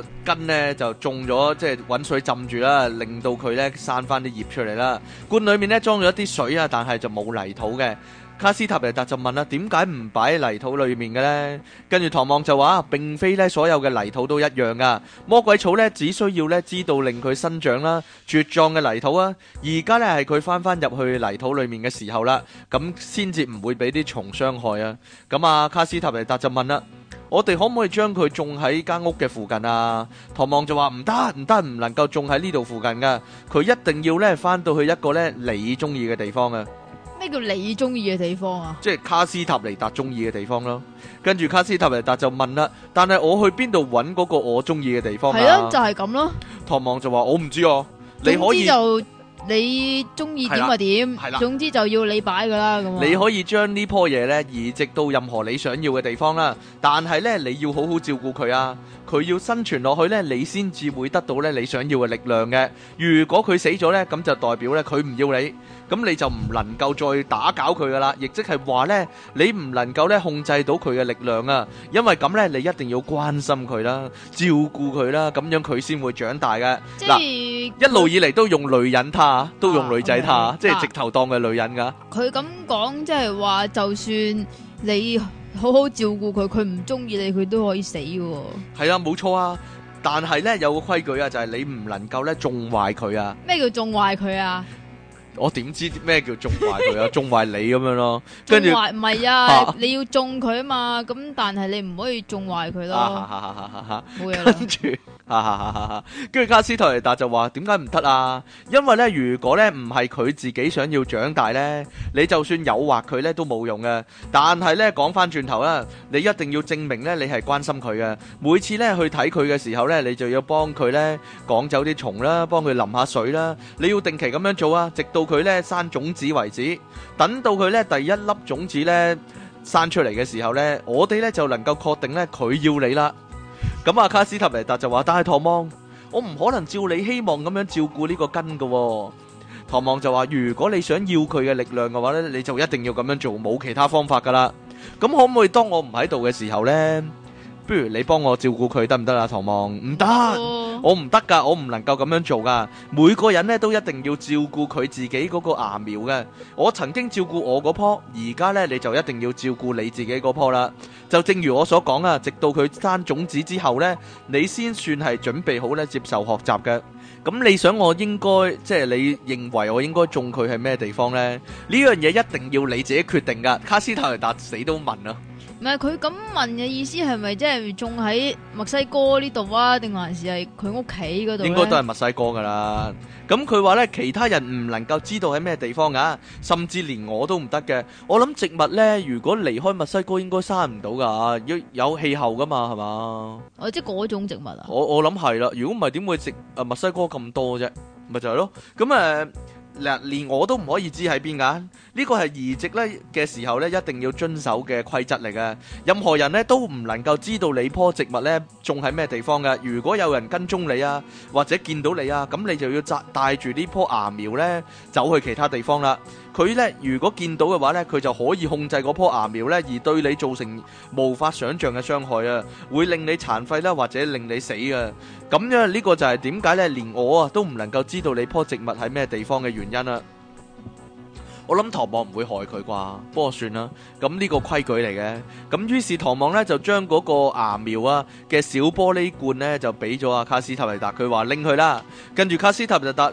個根咧就種咗即係揾水浸住啦，令到佢咧生翻啲葉出嚟啦。罐裏面咧裝咗一啲水啊但係就冇泥土嘅。卡斯塔維達就問啦：點解唔擺喺泥土裏面嘅呢？跟住唐望就話：並非咧，所有嘅泥土都一樣噶。魔鬼草咧，只需要咧知道令佢生長啦，茁壯嘅泥土啊。而家咧係佢翻翻入去泥土裏面嘅時候啦，咁先至唔會俾啲蟲傷害啊。咁啊，卡斯塔維達就問啦：我哋可唔可以將佢種喺間屋嘅附近啊？唐望就話：唔得，唔得，唔能夠種喺呢度附近噶。佢一定要咧翻到去一個咧你中意嘅地方啊！呢個你中意嘅地方啊，即係卡斯塔尼達中意嘅地方咯。跟住卡斯塔尼達就問啦，但係我去邊度揾嗰個我中意嘅地方啊？係咯，啊，就係咁咯。唐望就話我唔知哦，啊，總之就你中意點就點，啊啊，總之就要你擺噶啦。咁你可以將呢棵嘢咧移植到任何你想要嘅地方啦，但係咧你要好好照顧佢啊。佢要生存落去呢，你先至會得到呢你想要嘅力量嘅。如果佢死咗呢，咁就代表呢佢唔要你，咁你就唔能夠再打攪佢噶啦。亦即係話呢，你唔能夠呢控制到佢嘅力量啊。因為咁呢，你一定要關心佢啦，照顧佢啦，咁樣佢先會長大嘅。即係，一路以嚟都用女人，他都用女仔，他即係直頭當嘅女人噶。佢咁講，即係話就算你。好好照顧佢，佢唔中意你，佢都可以死喎。哦。係啊，冇錯啊，但係咧有個規矩啊，就係、是、你唔能夠咧縱壞佢啊。咩叫縱壞佢啊？我點知咩叫縱壞佢啊？縱壞 你咁樣咯，跟住縱壞唔係啊，啊你要縱佢啊嘛，咁但係你唔可以縱壞佢咯。冇嘢諗住。啊啊啊啊啊哈哈哈！跟住卡斯托尼達就話：點解唔得啊？因為咧，如果咧唔係佢自己想要長大咧，你就算誘惑佢咧都冇用嘅。但係咧，講翻轉頭啦，你一定要證明咧，你係關心佢嘅。每次咧去睇佢嘅時候咧，你就要幫佢咧趕走啲蟲啦，幫佢淋下水啦。你要定期咁樣做啊，直到佢咧生種子為止。等到佢咧第一粒種子咧生出嚟嘅時候咧，我哋咧就能夠確定咧佢要你啦。咁阿卡斯塔尼達就話，但係唐望，我唔可能照你希望咁樣照顧呢個根噶，哦。唐望就話，如果你想要佢嘅力量嘅話呢，你就一定要咁樣做，冇其他方法噶啦。咁可唔可以當我唔喺度嘅時候呢？不如你幫我照顧佢得唔得啊？唐望，唔得，我唔得噶，我唔能夠咁樣做噶。每個人咧都一定要照顧佢自己嗰個牙苗嘅。我曾經照顧我嗰棵，而家咧你就一定要照顧你自己嗰棵啦。就正如我所講啊，直到佢生種子之後咧，你先算係準備好咧接受學習嘅。咁你想我應該，即係你認為我應該種佢係咩地方呢？呢樣嘢一定要你自己決定噶。卡斯泰達死都問啊！唔係，佢咁問嘅意思係咪即係種喺墨西哥呢度啊？定還是係佢屋企嗰度？應該都係墨西哥噶啦。咁佢話咧，其他人唔能夠知道喺咩地方噶，甚至連我都唔得嘅。我諗植物咧，如果離開墨西哥應該生唔到噶，要有氣候噶嘛，係嘛？哦，即係嗰種植物啊！我我諗係啦。如果唔係，點會植啊墨西哥咁多啫？咪就係咯。咁誒。嗱，連我都唔可以知喺邊㗎，呢個係移植咧嘅時候咧，一定要遵守嘅規則嚟嘅。任何人呢都唔能夠知道你棵植物呢種喺咩地方嘅。如果有人跟蹤你啊，或者見到你啊，咁你就要摘帶住呢棵芽苗呢，走去其他地方啦。佢咧，如果見到嘅話咧，佢就可以控制嗰棵芽苗咧，而對你造成無法想像嘅傷害啊！會令你殘廢啦，或者令你死啊！咁樣呢個就係點解咧，連我啊都唔能夠知道你棵植物喺咩地方嘅原因啊。我諗唐望唔會害佢啩，不過算啦。咁呢個規矩嚟嘅。咁於是唐望呢，就將嗰個芽苗啊嘅小玻璃罐呢，就俾咗阿卡斯塔維達，佢話拎佢啦。跟住卡斯塔就達。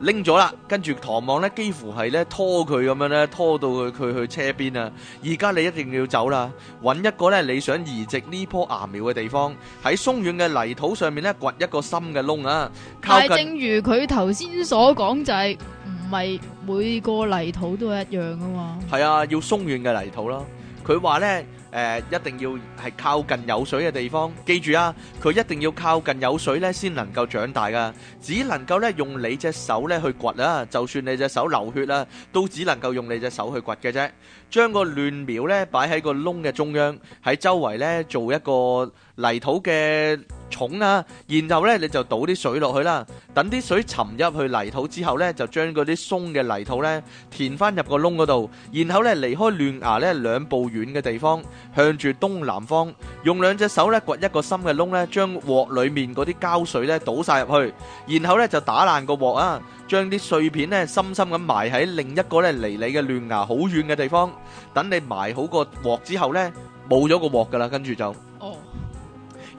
拎咗啦，跟住唐望咧，幾乎係咧拖佢咁樣咧，拖到佢佢去車邊啊！而家你一定要走啦，搵一個咧你想移植呢棵芽苗嘅地方，喺鬆軟嘅泥土上面咧掘一個深嘅窿啊！但係正如佢頭先所講，就係唔係每個泥土都係一樣噶嘛。係啊，要鬆軟嘅泥土啦。佢話咧，誒一定要係靠近有水嘅地方。記住啊，佢一定要靠近有水咧，先能夠長大噶。只能夠咧用你隻手咧去掘啦，就算你隻手流血啦，都只能夠用你隻手去掘嘅啫。將個嫩苗咧擺喺個窿嘅中央，喺周圍咧做一個泥土嘅。重啦，然後咧你就倒啲水落去啦，等啲水沉入去泥土之後咧，就將嗰啲鬆嘅泥土咧填翻入個窿嗰度，然後咧離開嫩芽咧兩步遠嘅地方，向住東南方，用兩隻手咧掘一個深嘅窿咧，將鑊裏面嗰啲膠水咧倒晒入去，然後咧就打爛個鑊啊，將啲碎片咧深深咁埋喺另一個咧離你嘅嫩芽好遠嘅地方，等你埋好個鑊之後咧，冇咗個鑊噶啦，跟住就。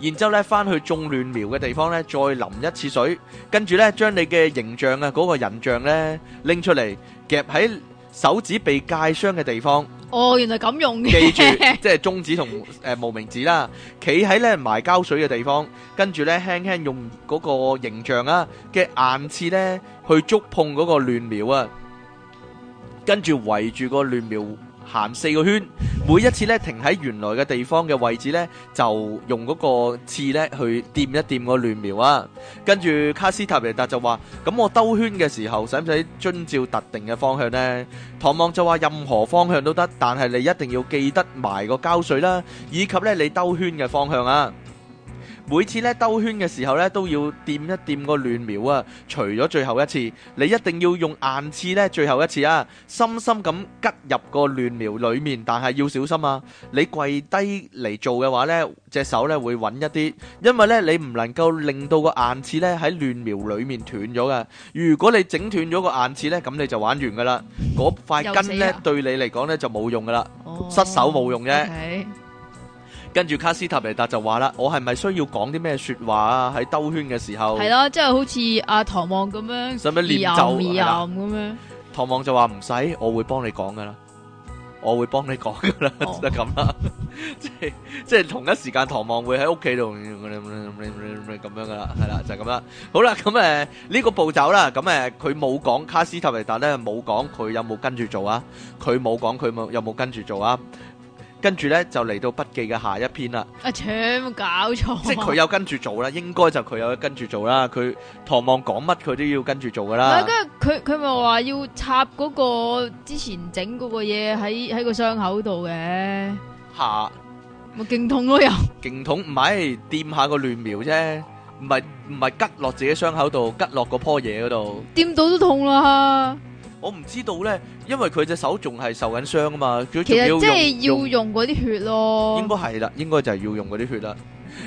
然之後咧，翻去種亂苗嘅地方咧，再淋一次水，跟住咧，將你嘅形象啊，嗰個人像咧拎出嚟夾喺手指被介傷嘅地方。哦，原來咁用嘅。記住，即係中指同誒無名指啦，企喺咧埋膠水嘅地方，跟住咧輕輕用嗰個形象啊嘅眼刺咧去觸碰嗰個亂苗啊，跟住圍住個亂苗。行四個圈，每一次咧停喺原來嘅地方嘅位置咧，就用嗰個刺咧去掂一掂個亂苗啊。跟住卡斯塔維達就話：咁我兜圈嘅時候使唔使遵照特定嘅方向呢？唐望就話：任何方向都得，但係你一定要記得埋個膠水啦，以及咧你兜圈嘅方向啊。每次咧兜圈嘅時候咧，都要掂一掂個亂苗啊！除咗最後一次，你一定要用硬刺咧，最後一次啊，深深咁吉入個亂苗裡面，但係要小心啊！你跪低嚟做嘅話咧，隻手咧會穩一啲，因為咧你唔能夠令到個硬刺咧喺亂苗裡面斷咗噶。如果你整斷咗個硬刺咧，咁你就玩完噶啦，嗰塊筋咧、啊、對你嚟講咧就冇用噶啦，哦、失手冇用啫。Okay. 跟住卡斯塔維達就話啦，我係咪需要講啲咩說話啊？喺兜圈嘅時候係啦，即係好似阿唐望咁樣，使冇念咒啊？有冇咁樣？唐望就話唔使，我會幫你講噶啦，我會幫你講噶啦，哦、 就咁、是、啦。即係即係同一時間，唐望會喺屋企度咁樣噶啦，係啦就咁、是、啦。好啦，咁誒呢個步驟啦，咁誒佢冇講卡斯塔維達咧，冇講佢有冇跟住做啊？佢冇講佢冇有冇跟住做啊？跟住咧就嚟到筆記嘅下一篇啦。啊，全！搞錯。即係佢有跟住做啦，應該就佢有跟住做啦。佢唐望講乜佢都要跟住做噶啦。唔係，跟住佢佢咪話要插嗰個之前整嗰個嘢喺喺個傷口度嘅。嚇！咪勁痛咯又。勁痛唔係，掂下個亂苗啫，唔係唔係拮落自己傷口度，拮落嗰樖嘢嗰度。掂到都痛啦。我唔知道咧，因為佢隻手仲係受緊傷啊嘛，佢仲要用。其實即係要用嗰啲血咯。應該係啦，應該就係要用嗰啲血啦。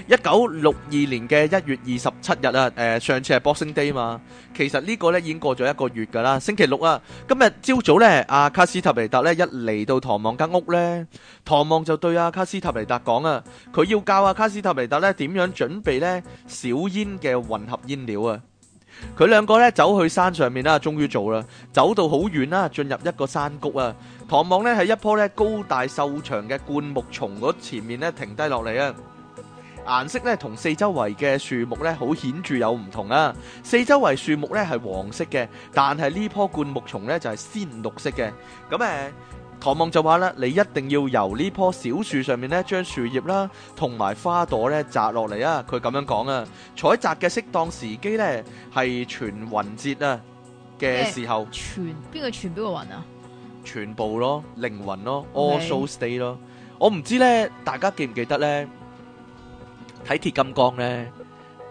一九六二年嘅一月二十七日啊，誒，上次係 boxing day 嘛。其實呢個咧已經過咗一個月噶啦。星期六啊，今日朝早咧，阿卡斯塔尼達咧一嚟到唐望間屋咧，唐望就對阿卡斯塔尼達講啊，佢要教阿卡斯塔尼達咧點樣準備咧小煙嘅混合煙料啊。佢兩個咧走去山上面啦，終於做啦，走到好遠啦，進入一個山谷啊。唐望咧喺一棵咧高大瘦長嘅灌木叢前面咧停低落嚟啊，顏色咧同四周圍嘅樹木咧好顯著有唔同啦。四周圍樹木咧係黃色嘅，但係呢棵灌木叢咧就係鮮綠色嘅，咁誒。唐望就話啦，你一定要由呢棵小樹上面咧，將樹葉啦同埋花朵咧摘落嚟啊！佢咁樣講啊，採摘嘅適當時機咧係全雲節啊嘅時候。欸、全邊個全邊個雲啊？全部咯，靈魂咯，All Souls Okay . s、so、Day 咯。我唔知咧，大家記唔記得咧？睇鐵金剛咧，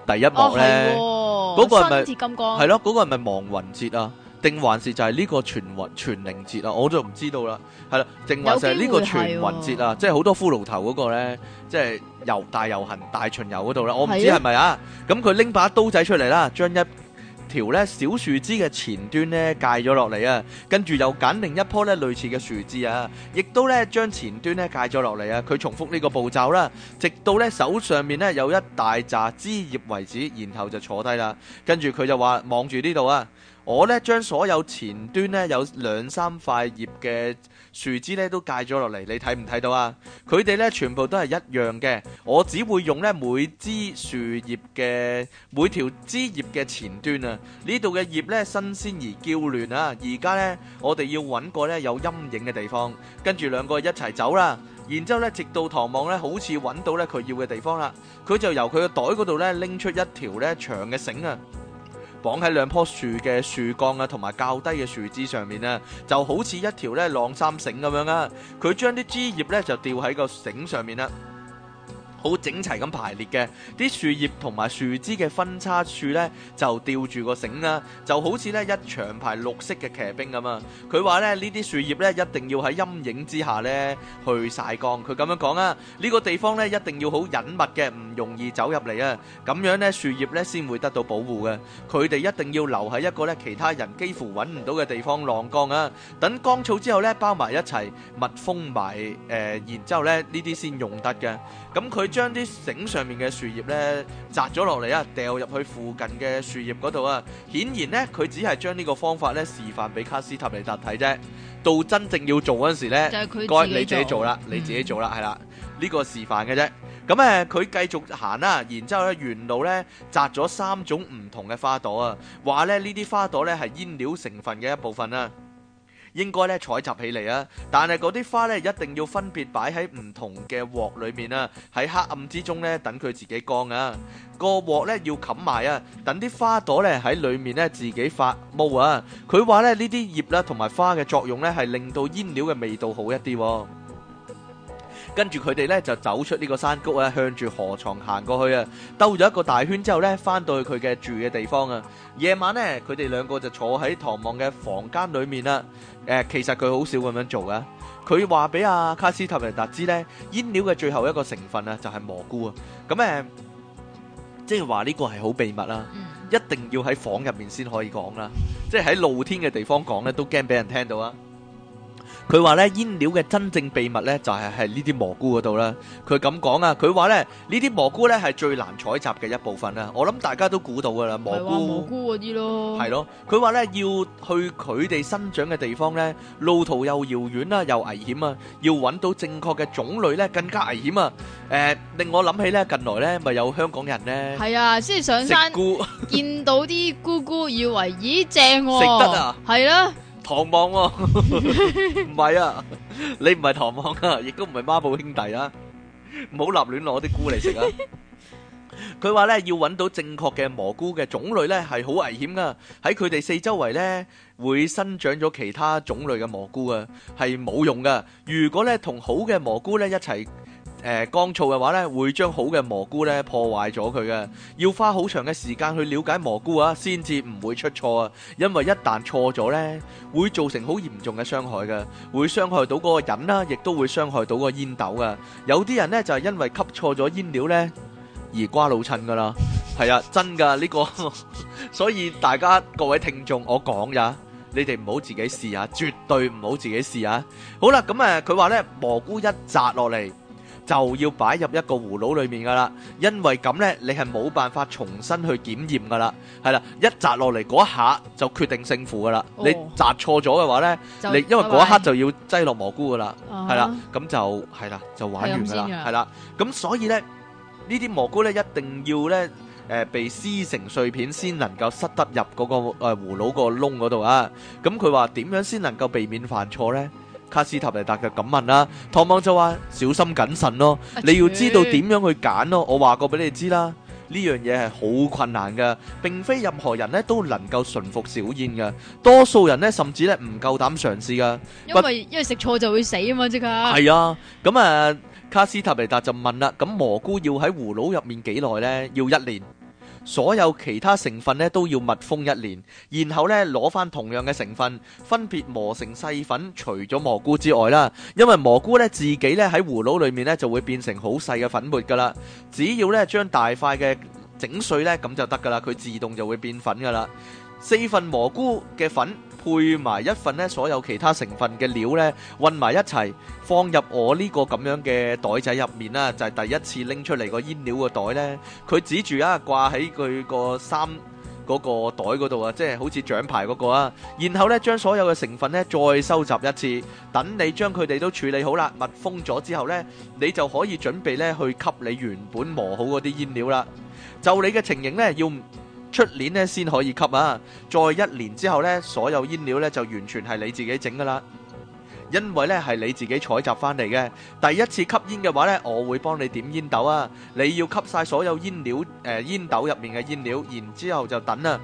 第一幕咧，嗰、啊哦、個係咪？鐵金剛係咯，嗰、那個係咪亡雲節啊？定還是就係呢個傳雲傳靈節啊？我就唔知道啦。係啦，定還是係呢個傳雲節啊？啊即係好多骷髏頭嗰個咧，即係遊大遊行大巡遊嗰度啦。我唔知係咪啊？咁佢拎把刀仔出嚟啦，將一條呢小樹枝嘅前端呢界咗落嚟啊，跟住又揀另一棵呢類似嘅樹枝啊，亦都呢將前端呢界咗落嚟啊。佢重複呢個步驟啦，直到呢手上面呢有一大紮枝葉為止，然後就坐低啦。跟住佢就話望住呢度啊。我咧，將所有前端咧有兩三塊葉嘅樹枝咧都戒咗落嚟，你睇唔睇到啊？佢哋咧全部都係一樣嘅，我只會用咧每枝樹葉嘅每條枝葉嘅前端啊。葉呢度嘅葉咧新鮮而嬌嫩啊！而家咧我哋要揾個咧有陰影嘅地方，跟住兩個一齊走啦。然之後咧直到唐望咧好似揾到咧佢要嘅地方啦，佢就由佢嘅袋嗰度咧拎出一條咧長嘅繩啊！綁喺兩棵樹嘅樹幹啊，同埋較低嘅樹枝上面啊，就好似一條咧晾衫繩咁樣啊！佢將啲枝葉咧就吊喺個繩上面啦。好整齊咁排列嘅啲樹葉同埋樹枝嘅分叉處咧，就吊住個繩啦，就好似咧一長排綠色嘅騎兵咁啊！佢話咧呢啲樹葉咧一定要喺陰影之下咧去曬光，佢咁樣講啊！呢個地方咧一定要好隱密嘅，唔容易走入嚟啊！咁樣咧樹葉咧先會得到保護嘅，佢哋一定要留喺一個咧其他人幾乎揾唔到嘅地方晾乾啊！等乾草之後咧包埋一齊密封埋，誒然之後咧呢啲先用得嘅，咁佢。將啲繩上面嘅樹葉咧摘咗落嚟啊，掉入去附近嘅樹葉嗰度啊。顯然咧，佢只係將呢個方法咧示範俾卡斯塔尼達睇啫。到真正要做嗰陣時咧，該你自己做啦，你自己做啦，係啦，呢、嗯這個示範嘅啫。咁、嗯、誒，佢繼續行啦、啊，然之後咧，沿路咧摘咗三種唔同嘅花朵啊，話咧呢啲花朵咧係煙料成分嘅一部分啦、啊。應該咧採集起嚟啊，但係嗰啲花咧一定要分別擺喺唔同嘅鑊裏面啊，喺黑暗之中咧等佢自己乾啊，個鑊咧要冚埋啊，等啲花朵咧喺裏面咧自己發毛啊。佢話咧呢啲葉啦同埋花嘅作用咧係令到煙料嘅味道好一啲。跟住佢哋咧就走出呢個山谷啊，向住河床行過去啊，兜咗一個大圈之後咧，翻到去佢嘅住嘅地方啊。夜晚咧，佢哋兩個就坐喺唐望嘅房間裏面啦。誒、呃，其實佢好少咁樣做啊。佢話俾阿卡斯塔尼達知咧，煙料嘅最後一個成分啊，就係蘑菇啊。咁誒，即係話呢個係好秘密啦，嗯、一定要喺房入面先可以講啦。即係喺露天嘅地方講咧，都驚俾人聽到啊。佢話咧煙料嘅真正秘密咧就係喺呢啲蘑菇嗰度啦。佢咁講啊，佢話咧呢啲蘑菇咧係最難採集嘅一部分啦。我諗大家都估到噶啦，蘑菇。係話蘑菇嗰啲咯。係咯。佢話咧要去佢哋生長嘅地方咧，路途又遙遠啦，又危險啊。要揾到正確嘅種類咧，更加危險啊。誒，令我諗起咧，近來咧咪有香港人咧。係啊，即係上山見到啲菇菇，以為咦正喎，食得啊，係啦。唐望喎，唔係啊， 啊，你唔係唐望啊，亦都唔係孖寶兄弟啊，唔好立亂攞啲菇嚟食啊！佢話咧要揾到正確嘅蘑菇嘅種類咧係好危險噶，喺佢哋四周圍咧會生長咗其他種類嘅蘑菇啊，係冇用噶。如果咧同好嘅蘑菇咧一齊。誒，乾燥嘅話咧，會將好嘅蘑菇咧破壞咗佢嘅，要花好長嘅時間去了解蘑菇啊，先至唔會出錯啊。因為一旦錯咗咧，會造成好嚴重嘅傷害噶，會傷害到嗰個人啦，亦都會傷害到個煙斗噶。有啲人咧就係因為吸錯咗煙料咧而瓜老襯噶啦，係啊，真噶呢個，所以大家各位聽眾，我講呀，你哋唔好自己試啊，絕對唔好自己試啊。好啦，咁誒，佢話咧蘑菇一摘落嚟，就要擺入一個葫蘆裏面噶啦，因為咁呢，你係冇辦法重新去檢驗噶啦，係啦，一摘落嚟嗰一下就決定勝負噶啦，哦、你摘錯咗嘅話呢，就你因為嗰一刻就要擠落蘑菇噶啦，係啦、啊哈，咁就係啦，就玩完噶啦，係啦，咁所以呢，呢啲蘑菇呢，一定要呢，誒、呃、被撕成碎片先能夠塞得入嗰、那個、呃、葫蘆個窿嗰度啊，咁佢話點樣先能夠避免犯錯呢？卡斯塔尼達就咁問啦，唐望就話小心謹慎咯，你要知道點樣去揀咯。我話過俾你知啦，呢樣嘢係好困難㗎，並非任何人呢都能夠馴服小燕㗎，多數人呢甚至呢唔夠膽嘗試噶。因為因為食錯就會死啊嘛，即係。係啊，咁啊，卡斯塔尼達就問啦，咁蘑菇要喺葫蘆入面幾耐呢？要一年。所有其他成分咧都要密封一年，然後咧攞翻同樣嘅成分，分別磨成細粉。除咗蘑菇之外啦，因為蘑菇咧自己咧喺葫蘆裏面咧就會變成好細嘅粉末噶啦。只要咧將大塊嘅整碎咧，咁就得噶啦，佢自動就會變粉噶啦。四份蘑菇嘅粉。配埋一份咧，所有其他成分嘅料咧，混埋一齊放入我呢個咁樣嘅袋仔入面啦，就係第一次拎出嚟個煙料嘅袋咧。佢指住啊，掛喺佢個衫嗰個袋嗰度啊，即係好似獎牌嗰個啊。然後咧，將所有嘅成分咧再收集一次，等你將佢哋都處理好啦，密封咗之後咧，你就可以準備咧去吸你原本磨好嗰啲煙料啦。就你嘅情形咧，要。出年呢先可以吸啊！再一年之後呢，所有煙料呢就完全係你自己整噶啦。因為呢係你自己採集翻嚟嘅。第一次吸煙嘅話呢，我會幫你點煙斗啊。你要吸晒所有煙料誒，煙斗入面嘅煙料，然之後就等啦。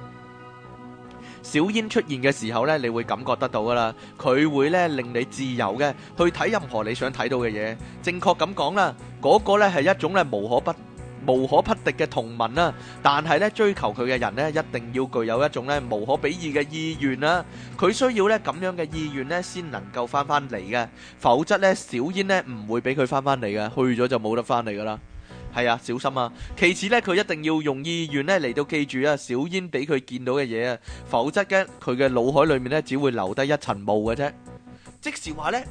小煙出現嘅時候呢，你會感覺得到噶啦。佢會呢令你自由嘅去睇任何你想睇到嘅嘢。正確咁講啦，嗰個呢係一種咧無可不。無可匹敵嘅同盟啦，但係咧追求佢嘅人咧，一定要具有一種咧無可比擬嘅意願啦。佢需要咧咁樣嘅意願咧，先能夠翻翻嚟嘅，否則咧小煙咧唔會俾佢翻翻嚟嘅，去咗就冇得翻嚟噶啦。係啊，小心啊。其次咧，佢一定要用意願咧嚟到記住啊小煙俾佢見到嘅嘢啊，否則嘅佢嘅腦海裏面咧只會留低一層霧嘅啫。即使話咧，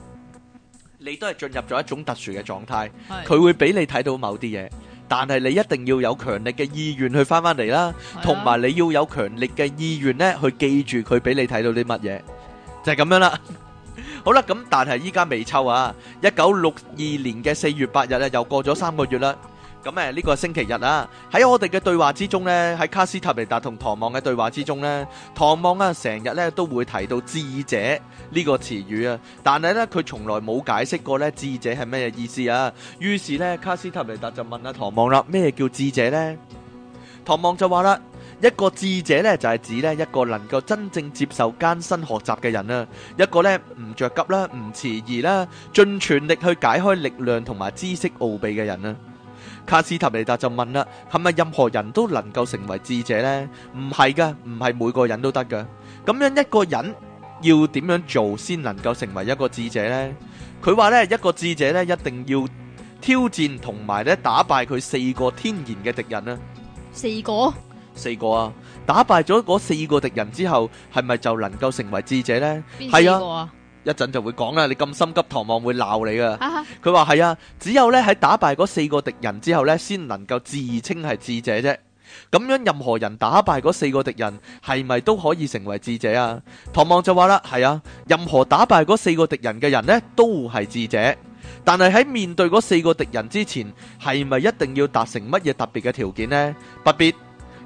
你都係進入咗一種特殊嘅狀態，佢會俾你睇到某啲嘢。但係你一定要有強力嘅意願去翻翻嚟啦，同埋的你要有強力嘅意願咧，去記住佢俾你睇到啲乜嘢，就係、是、咁樣啦。 好啦，咁但係依家未湊啊！一九六二年嘅四月八日啊，又過咗三個月啦。咁誒，呢個星期日啦。喺我哋嘅對話之中呢，喺卡斯塔尼達同唐望嘅對話之中呢，唐望啊，成日咧都會提到智者呢個詞語啊，但係呢，佢從來冇解釋過呢智者係咩意思啊。於是呢，卡斯塔尼達就問阿唐望啦，咩叫智者呢？」唐望就話啦，一個智者呢，就係指呢一個能夠真正接受艱辛學習嘅人啊，一個呢，唔着急啦，唔遲疑啦，盡全力去解開力量同埋知識奧秘嘅人啦。卡斯塔尼達就問啦：係咪任何人都能夠成為智者咧？唔係噶，唔係每個人都得噶。咁樣，一個人要點樣做先能夠成為一個智者咧？佢話咧，一個智者咧，一定要挑戰同埋咧打敗佢四個天然嘅敵人啦。四個？四個啊！打敗咗嗰四個敵人之後，係咪就能夠成為智者咧？係啊。一陣就會講啦。你咁心急，唐望會鬧你噶。佢話係啊，只有咧喺打敗嗰四個敵人之後咧，先能夠自稱係智者啫。咁樣任何人打敗嗰四個敵人，係咪都可以成為智者啊？唐望就話啦，係啊，任何打敗嗰四個敵人嘅人呢，都係智者。但係喺面對嗰四個敵人之前，係咪一定要達成乜嘢特別嘅條件呢？特別。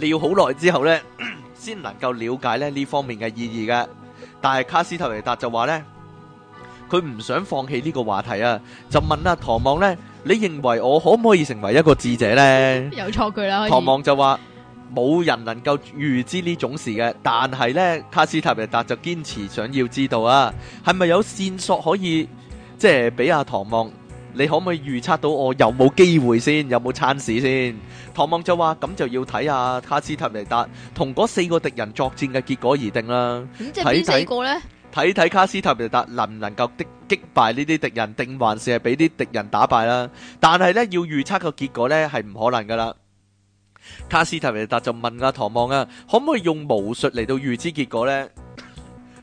你要好耐之後呢，先能夠了解呢呢方面嘅意義嘅。但係卡斯特維達就話呢，佢唔想放棄呢個話題啊，就問阿唐望呢：「你認為我可唔可以成為一個智者呢？有句」有錯句啦。唐望就話冇人能夠預知呢種事嘅，但係呢，卡斯特維達就堅持想要知道啊，係咪有線索可以即係俾阿唐望？你可唔可以預測到我有冇機會先，有冇 chance 先？唐望就話：咁就要睇下卡斯塔尼達同嗰四個敵人作戰嘅結果而定啦。咁即係邊四個咧？睇睇卡斯塔尼達能唔能夠擊擊敗呢啲敵人，定還是係俾啲敵人打敗啦？但係呢，要預測個結果呢係唔可能噶啦。卡斯塔尼達就問阿、啊、唐望啊，可唔可以用巫術嚟到預知結果呢？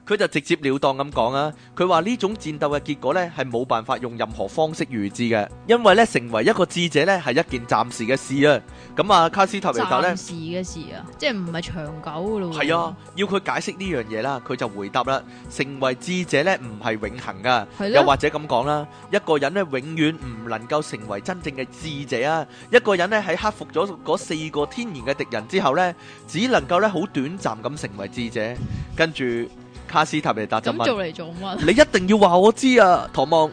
佢就直接了當咁講啊！佢話呢種戰鬥嘅結果咧，係冇辦法用任何方式預知嘅，因為咧成為一個智者咧係一件暫時嘅事啊！咁啊，卡斯提尼達咧暫時嘅事啊，即係唔係長久噶咯？係啊，要佢解釋呢樣嘢啦，佢就回答啦，成為智者咧唔係永恆噶，又或者咁講啦，一個人咧永遠唔能夠成為真正嘅智者啊！一個人咧喺克服咗嗰四個天然嘅敵人之後咧，只能夠咧好短暫咁成為智者，跟住。卡斯塔尼達就問，咁做嚟做乜？你一定要話我知啊！唐望，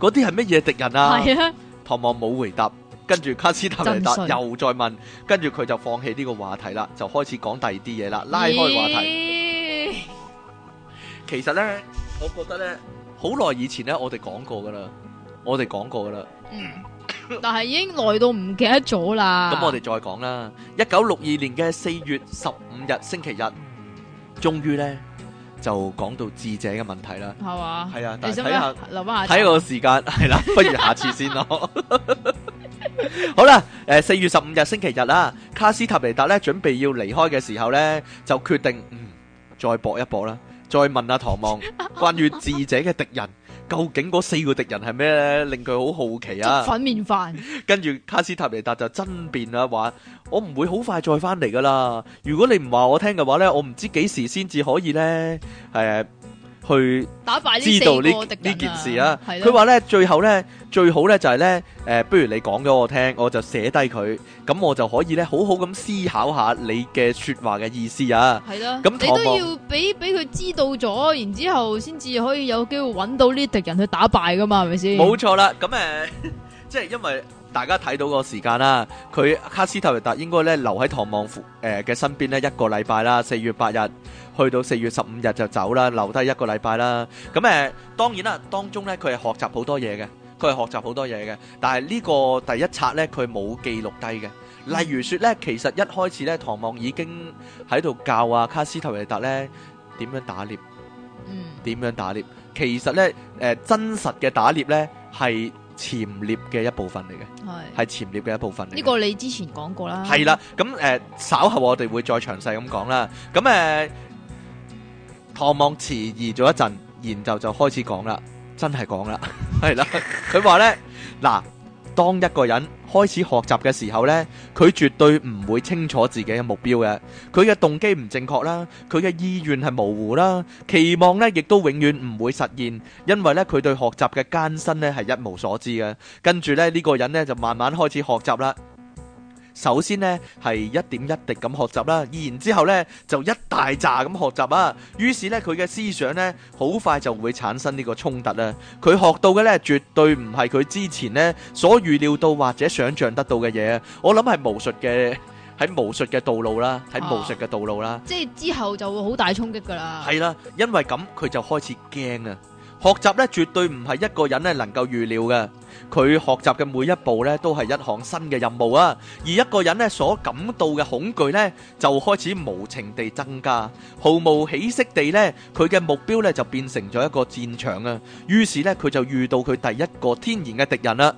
嗰啲係乜嘢敵人啊？係啊，唐望冇回答。跟住卡斯塔尼達信，又再問，跟住佢就放棄呢個話題啦，就開始講第二啲嘢啦，拉開話題。欸、其實呢，我覺得呢，好耐以前呢，我哋講過噶啦，我哋講過噶啦。嗯，但係已經耐到唔記得咗啦。咁 我哋再講啦。一九六二年嘅四月十五日星期日，終於呢。就講到智者嘅問題啦，係嘛，係啊，大家睇下，看看留翻下，啊，睇個時間係啦，不如下次先咯。 好啦，誒，呃，四月十五日星期日啦，卡斯塔尼達咧準備要離開嘅時候咧，就決定嗯再搏一搏啦，再問阿、啊、唐望 關於智者嘅敵人。 究竟嗰四個敵人係咩咧？令佢好好奇啊！粉麵飯， 跟住卡斯塔尼達就爭辯啦，話我唔會好快再翻嚟噶啦。如果你唔話我聽嘅話咧，我唔知幾時先至可以咧，係。去知道呢呢、啊、件事啊！佢話的呢最後呢，最好呢就係、是、呢。誒、呃，不如你講咗我聽，我就寫低佢，咁我就可以呢好好咁思考下你嘅說話嘅意思啊！係啦的，咁你都要俾俾佢知道咗，然之後先至可以有機會揾到呢敵人去打敗噶嘛，係咪先？冇錯啦！咁誒、呃，即係因為大家睇到個時間啦、啊，佢卡斯塔尼達應該呢留喺唐望夫誒嘅身邊呢一個禮拜啦，四月八日。去到四月十五日就走啦，留低一個禮拜啦。咁誒，當然啦，當中呢，佢係學習好多嘢嘅，佢係學習好多嘢嘅。但係呢個第一冊呢，佢冇記錄低嘅。例如說呢，其實一開始呢，唐望已經喺度教啊卡斯塔尼達呢點樣打獵，嗯，點樣打獵。其實呢，誒，真實嘅打獵呢係潛獵嘅一部分嚟嘅，係，係潛獵嘅一部分。呢個你之前講過啦，係啦。咁誒，稍後我哋會再詳細咁講啦。咁誒。唐望遲疑咗一陣，然後就開始講啦，真係講啦，係 啦。佢話呢：「嗱，當一個人開始學習嘅時候呢，佢絕對唔會清楚自己嘅目標嘅，佢嘅動機唔正確啦，佢嘅意願係模糊啦，期望呢亦都永遠唔會實現，因為呢，佢對學習嘅艱辛呢係一無所知嘅。」跟住呢，呢個人呢就慢慢開始學習啦。首先呢，係一點一滴咁學習啦，然之後呢就一大紮咁學習啊。於是呢，佢嘅思想呢，好快就會產生呢個衝突啦。佢學到嘅呢，絕對唔係佢之前呢所預料到或者想象得到嘅嘢。我諗係巫術嘅，喺巫術嘅道路啦，喺、啊、巫術嘅道路啦。即係之後就會好大衝擊噶啦。係啦，因為咁佢就開始驚啊。學習咧，絕對唔係一個人咧能夠預料嘅，佢學習嘅每一步咧都係一項新嘅任務啊，而一個人咧所感到嘅恐懼咧就開始無情地增加，毫無喜色地咧，佢嘅目標咧就變成咗一個戰場啊，於是咧佢就遇到佢第一個天然嘅敵人啦，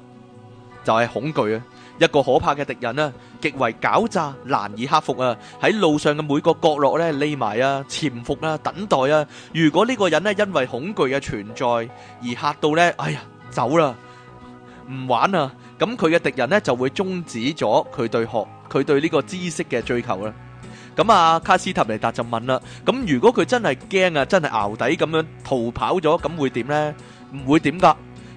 就係恐懼啊。一個可怕嘅敵人啊，極為狡詐，難以克服啊！喺路上嘅每個角落咧匿埋啊，潛伏啊，等待啊！如果呢個人咧因為恐懼嘅存在而嚇到咧，哎呀，走啦，唔玩啊！咁佢嘅敵人咧就會終止咗佢對學佢對呢個知識嘅追求啦。咁啊，卡斯塔尼達就問啦：咁如果佢真係驚啊，真係淆底咁樣逃跑咗，咁會點咧？唔會點噶。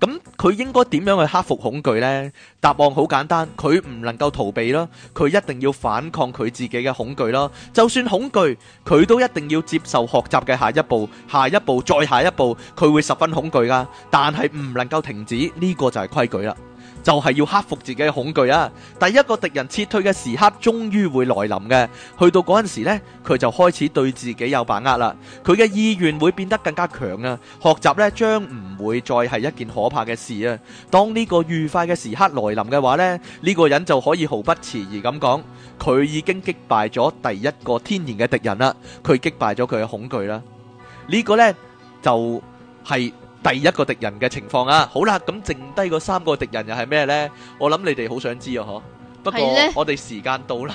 咁佢應該點樣去克服恐懼呢？答案好簡單，佢唔能夠逃避咯，佢一定要反抗佢自己嘅恐懼咯。就算恐懼，佢都一定要接受學習嘅下一步、下一步、再下一步，佢會十分恐懼噶，但係唔能夠停止，呢個就係規矩啦。就係要克服自己嘅恐懼啊！第一個敵人撤退嘅時刻終於會來臨嘅，去到嗰陣時咧，佢就開始對自己有把握啦。佢嘅意願會變得更加強啊！學習呢，將唔會再係一件可怕嘅事啊！當呢個愉快嘅時刻來臨嘅話呢，呢個人就可以毫不遲疑咁講，佢已經擊敗咗第一個天然嘅敵人啦！佢擊敗咗佢嘅恐懼啦！呢個呢，就係。第一個敵人嘅情況啊，好啦，咁剩低個三個敵人又係咩呢？我諗你哋好想知啊，嗬。係咧。不過我哋時間到啦，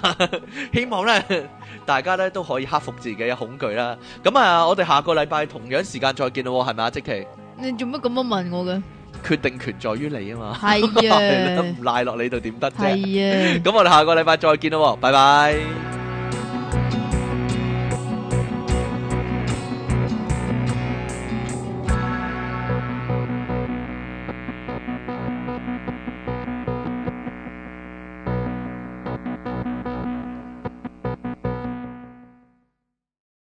希望咧大家咧都可以克服自己嘅恐懼啦。咁啊，我哋下個禮拜同樣時間再見咯，係咪啊？即期。你做乜咁樣問我嘅？決定權在於你啊嘛。係啊。唔賴落你度點得啫。係啊。咁我哋下個禮拜再見咯，拜拜。